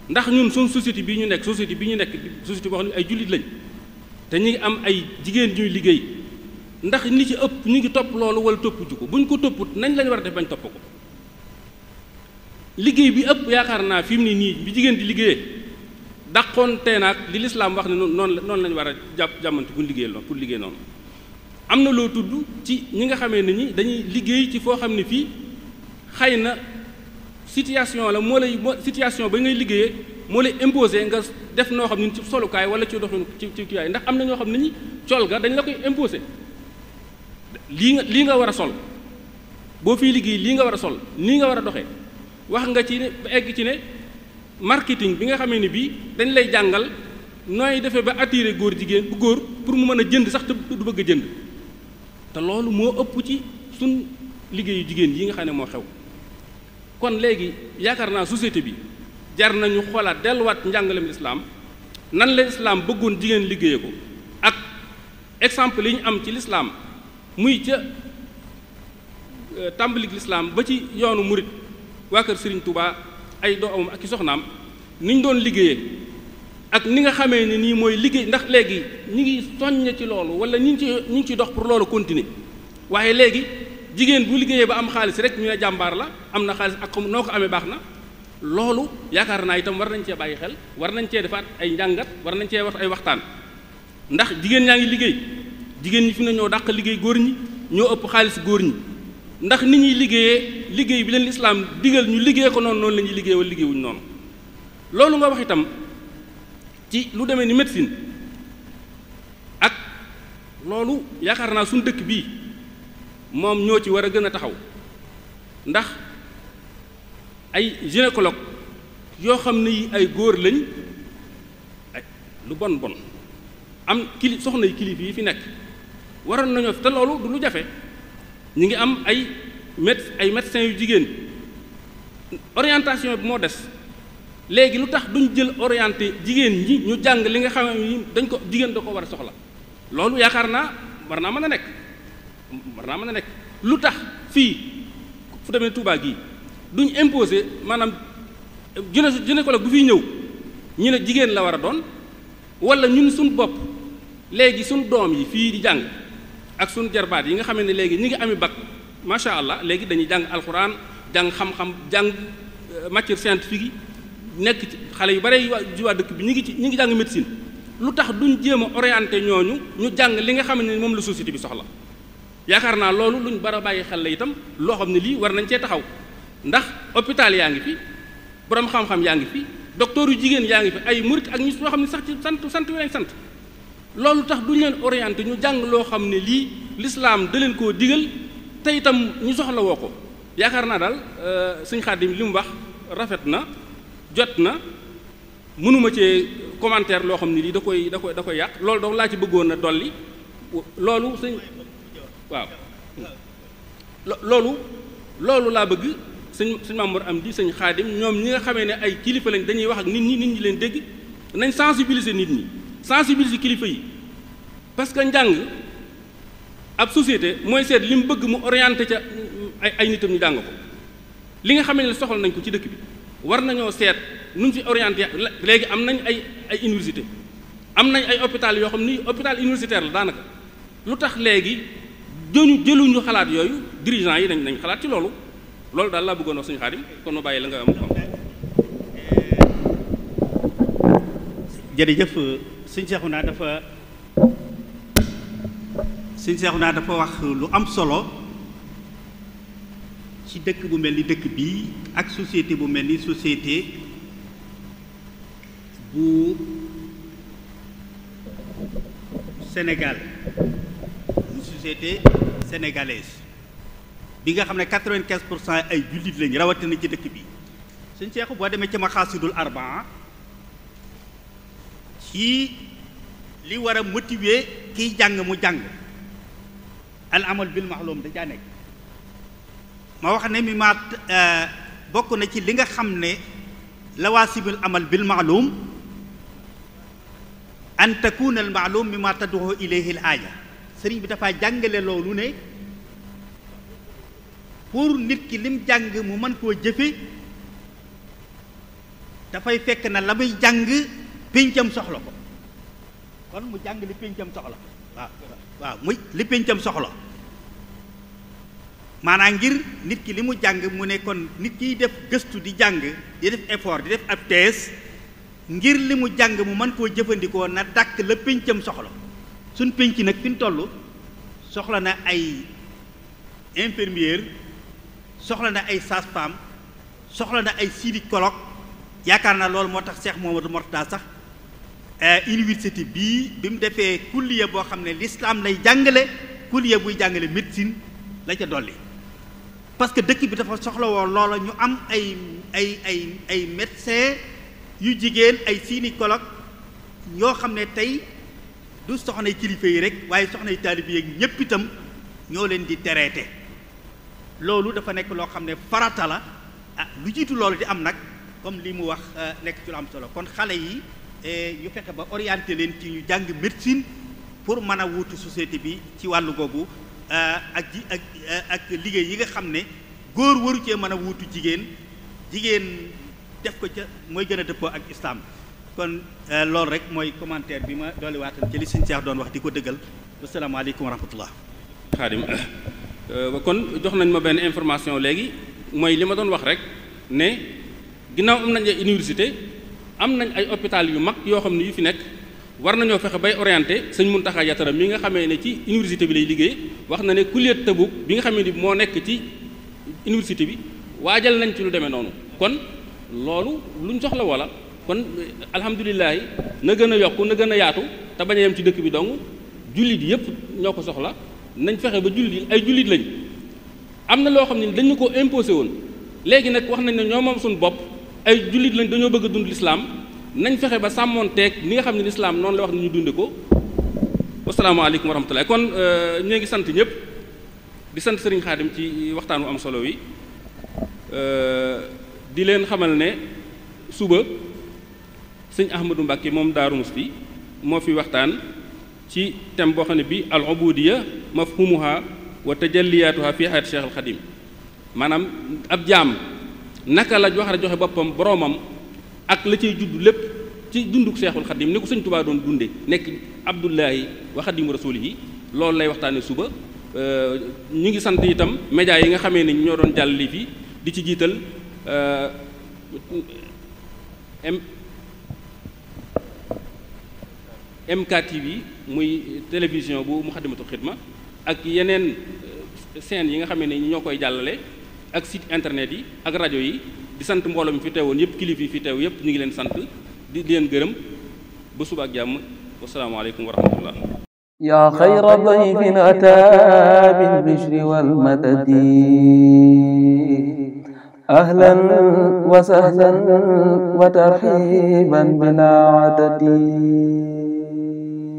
ndax ñun suñ société bii ñu nekk société bi ñu nekk société boo xam ne ay jullit lañ te ñu ngi am ay jigéen ñuy liggéey ndax ni ci ëpp ñu ngi topp loolu wala topp ko bu ñu ko topput nañ lañ war a def bañ topp ko liggéey bi ëpp yaakaar naa fi mu ne nii bi jigéen di liggéeyee dàqoonte naag li lislaam wax ne noonu noonu lañ war a jàpp jàmmante bu liggéey loolu pour liggéey noonu am na loo tudd ci ñi nga xamee ne dañuy liggéey ci foo xam ne fii xëy na situation la moo lay situation ba ngay liggéeyee moo lay imposé nga def noo xam ne ci solukaay wala ci doxin ci ci kiiwaay na ñoo xam ne ñi col ga dañ la koy imposé lii nga lii nga war a sol boo fi liggéey lii nga war a sol nii nga war a doxe wax nga ci ne ba egg ci ne marketing bi nga xamee ni bii dañ lay jàngal nooy defee ba attirer góor jigéen bu góor pour mu mën a jënd sax te du bëgg a jënd te loolu moo ëpp ci suñ liggéeyu jigéen yi nga xam ne moo xew kon léegi yaakaar naa société bi jar nañu xoolaat delluwaat njàngalem lislaam nan la islaam bëggoon jigéen liggéeye ko ak exemple yi ñu am ci lislaam muy ca euh, tàmbalik lislaam ba ci yoonu murit waa kër Serigne tubaa ay doomam ak i soxnaam niñ doon liggéeyee ak ni nga xamee ne nii mooy liggéey ndax léegi ñu ngi soññ ci loolu wala ñi ngi ci ñi ngi ci dox pour loolu continuer waaye léegi jigéen bu liggéeyee ba am xaalis rek ñu ne jàmbaar la am na xaalis ak noo ko amee baax na loolu yaakaar naa itam war nañ cee bàyyi xel war nañ cee defaat ay njàngat war nañ cee wax ay waxtaan ndax jigéen ñaa ngi liggéey jigéen ñi fi ne ñoo dàq liggéey góor ñi ñoo ëpp xaalis góor ñi ndax ni ñuy liggéeyee liggéey bi leen lislaam digal ñu liggéey ko noonu noonu la ñuy liggéey noonu loolu nga wax itam ci lu demee ni médecine ak loolu yaakaar naa suñ dëkk bii moom ñoo ci war a gën a taxaw ndax ay gynécologue yoo xam ne yi ay góor lañ lu bon bon am kili soxna yi kilif yi fi nekk waroon nañoo te loolu du lu jafe ñu ngi am ay mét ay médecins yu jigéen orientation bi moo des léegi lu tax duñ jël orienté jigéen ñi ñu jàng li nga xam ni dañ ko jigéen da ko war a soxla loolu yaakaar naa war naa mën a nekk war naa mën a nekk lu tax fii fu demee Touba gii duñ imposé maanaam ko la bu fiy ñëw ñu ne jigéen la war a doon wala ñun suñu bopp léegi suñu doom yi fii di jàng ak suñu jarbaat yi nga xam ne léegi ñi ngi ami bac macha allah léegi dañuy jàng alxuraan jàng xam-xam jàng euh, matière scientifique yi nekk ci xale yu bare yu waa dëkk bi ñu ngi ci ñu ngi jàng médecine lu tax duñ jéem a orienté ñooñu ñu jàng li nga xam ne moom la société bi soxla yaakaar naa loolu luñ bara bàyyi xel la itam loo xam ne lii war nañ cee taxaw ndax hôpital yaa ngi fi borom xam-xam yaa ngi fi docteur yu jigéen yaa ngi fi ay murit ak ñu soo xam ne sax sant sant wi sant loolu tax duñ leen orienté ñu jàng loo xam ne lii lislaam da leen koo digal tey itam ñu soxla woo ko yaakaar naa daal euh, sëñ Xaadim li wax rafet na jot na mënuma cee commentaire loo xam ne lii da koy da koy da koy yàq loolu dong laa ci bëggoon a dolli loolu sëñ waaw loolu loolu laa bëgg sëñ sëñ am di sëñ Xaadim ñoom ñi nga xamee ne ay kilifa lañ dañuy wax ak nit ñi nit ñi leen dégg nañ sensibiliser nit ñi sensibiliser kilifa yi parce que njàng ab société mooy seet li mu bëgg mu orienté ca ay ay nitam ñu jàng ko li nga xam ne soxal nañ ko ci dëkk bi war nañoo seet nu ñu fi orienté léegi am nañ ay ay université am nañ ay hôpital yoo xam ni hôpital universitaire la daanaka lu tax léegi jënu jëluñu xalaat yooyu dirigeant yi nañ nañ xalaat ci loolu loolu daal laa bëggoon wax suñu xaarim kon ma bàyyi la nga am xam jërëjëf sëñ seexu naa dafa sëñ seexu naa dafa wax lu am solo ci dëkk bu mel ni dëkk bii ak société bu mel ni société bu Sénégal société sénégalaise bi nga xam ne quatre pour cent ay jullit lañ rawatina ci dëkk bi sëñ seexu boo demee ci maxaasidul arbaa kii li war a motiver kiy jàng mu jàng al amal bil maxluum da caa nekk ma wax ne mi ma euh, bokk na ci li nga xam ne lawaasimul amal bil maxluum an takuna al maalum mi ma tadduxoo ilayhi al aaja sëriñ bi dafa jàngale loolu ne pour nit ki lim jàng mu mën koo jëfe dafay fekk na la muy jàng péncam soxla ko kon mu jàng li péncam soxla waaw waaw muy soxla maanaam ngir nit ki li mu jàng mu ne kon nit kiy def gëstu di jàng di def effort di def ab thèse ngir li mu jàng mu man koo jëfandikoo na dàkk la péncam soxla suñ pénc nag fi ñu toll soxla na ay infirmière soxla na ay saspam soxla na ay gynécologue yaakaar naa loolu moo tax Cheikh Mouhamadou Mourtada sax Euh, université bii bi mu defee kulliya boo xam ne l'islam lay jàngale kulliya buy jàngale médecine la ca dolli parce que dëkk bi dafa soxla woon loola ñu am ay ay ay ay médecin yu jigéen ay gynécologue ñoo xam ne tey du soxnay kilifa yi rek waaye soxnay taalibe yi ñépp itam ñoo leen di traité loolu dafa nekk loo xam ne farata la ah lu jiitu loolu di am nag comme li mu wax euh, nekk ci lu am solo kon xale yi ñu fexe ba orienté leen ci ñu jàng médecine pour mën a wuutu société bi ci wàllu googu euh, ak ji ak euh, ak liggéey yi nga xam ne góor waru cee mën a wuutu jigéen jigéen def ko ca mooy gën a dëppoo ak islaam kon euh, loolu rek mooy commentaire bi ma dooli waatan ci li sëñ doon wax di ko dëggal wasalaamaaleykum wa rahmatullah kon jox nañ ma benn information léegi mooy li ma doon wax rek ne ginnaaw am nañ université am nañ ay hôpital yu mag yoo xam ne yu fi nekk war nañoo fexe bay orienté sëñ Muntaxa Yatara mi nga xamee ne ci université bi lay liggéey wax na ne kulliyat Tabuk bi nga xamee ni moo nekk ci université bi waajal nañ ci lu demee noonu kon loolu luñ soxla wala kon alhamdulilah na gën a yokk na gën a yaatu te bañ a ci dëkk bi dong jullit yëpp ñoo ko soxla nañ fexe ba jullit yi ay jullit lañ am na loo xam ne dañu ko imposé woon léegi nag wax nañ ne ñoo moom suñu bopp. ay jullit lañ dañoo bëgg a dund lislaam nañ fexe ba sàmmoon sàmmoonteeg ni nga xam ne lislaam noonu la wax ni ñu dunde ko wasalaamaaleykum wa rahmatulah kon euh, ñoo ngi sant ñëpp di sant sëriñ xaadim ci waxtaan wu am solo wi euh, di leen xamal ne suba sëñ Ahmadou Mbacke moom Daaru Musti moo fi waxtaan ci thème boo xam ne bi al ubudiya mafhumuha wa tajalliyaatuha fi hayat Cheikh al Xadim maanaam ab jaam naka la joxar joxe boppam boroomam ak la ciy judd lépp ci dunduk seexul xadim ni ko sëñ Tuubaa doon dunde nekk abdullahi wa xadimu rasulihi loolu lay waxtaane suba euh, ñu ngi sant itam média yi nga xamee ni ñoo doon jàll li fi di ci jiital euh, MKTV muy télévision bu Muxaddamatul Xidma ak yeneen chaîne euh, yi nga xam ne ñoo koy jàllale ak site internet yi ak rajo yi di sant mbooloo mi fi tewoon yépp kilifa yi fi teew yëpp ñu ngi leen sant di leen gërëm ba suba ak jàmm wasalaamaaleykum wa rahmatullah yaa xayra dayfin ataa bil bishri wal madadi أهلا وسهلا وترحيبا بلا عدد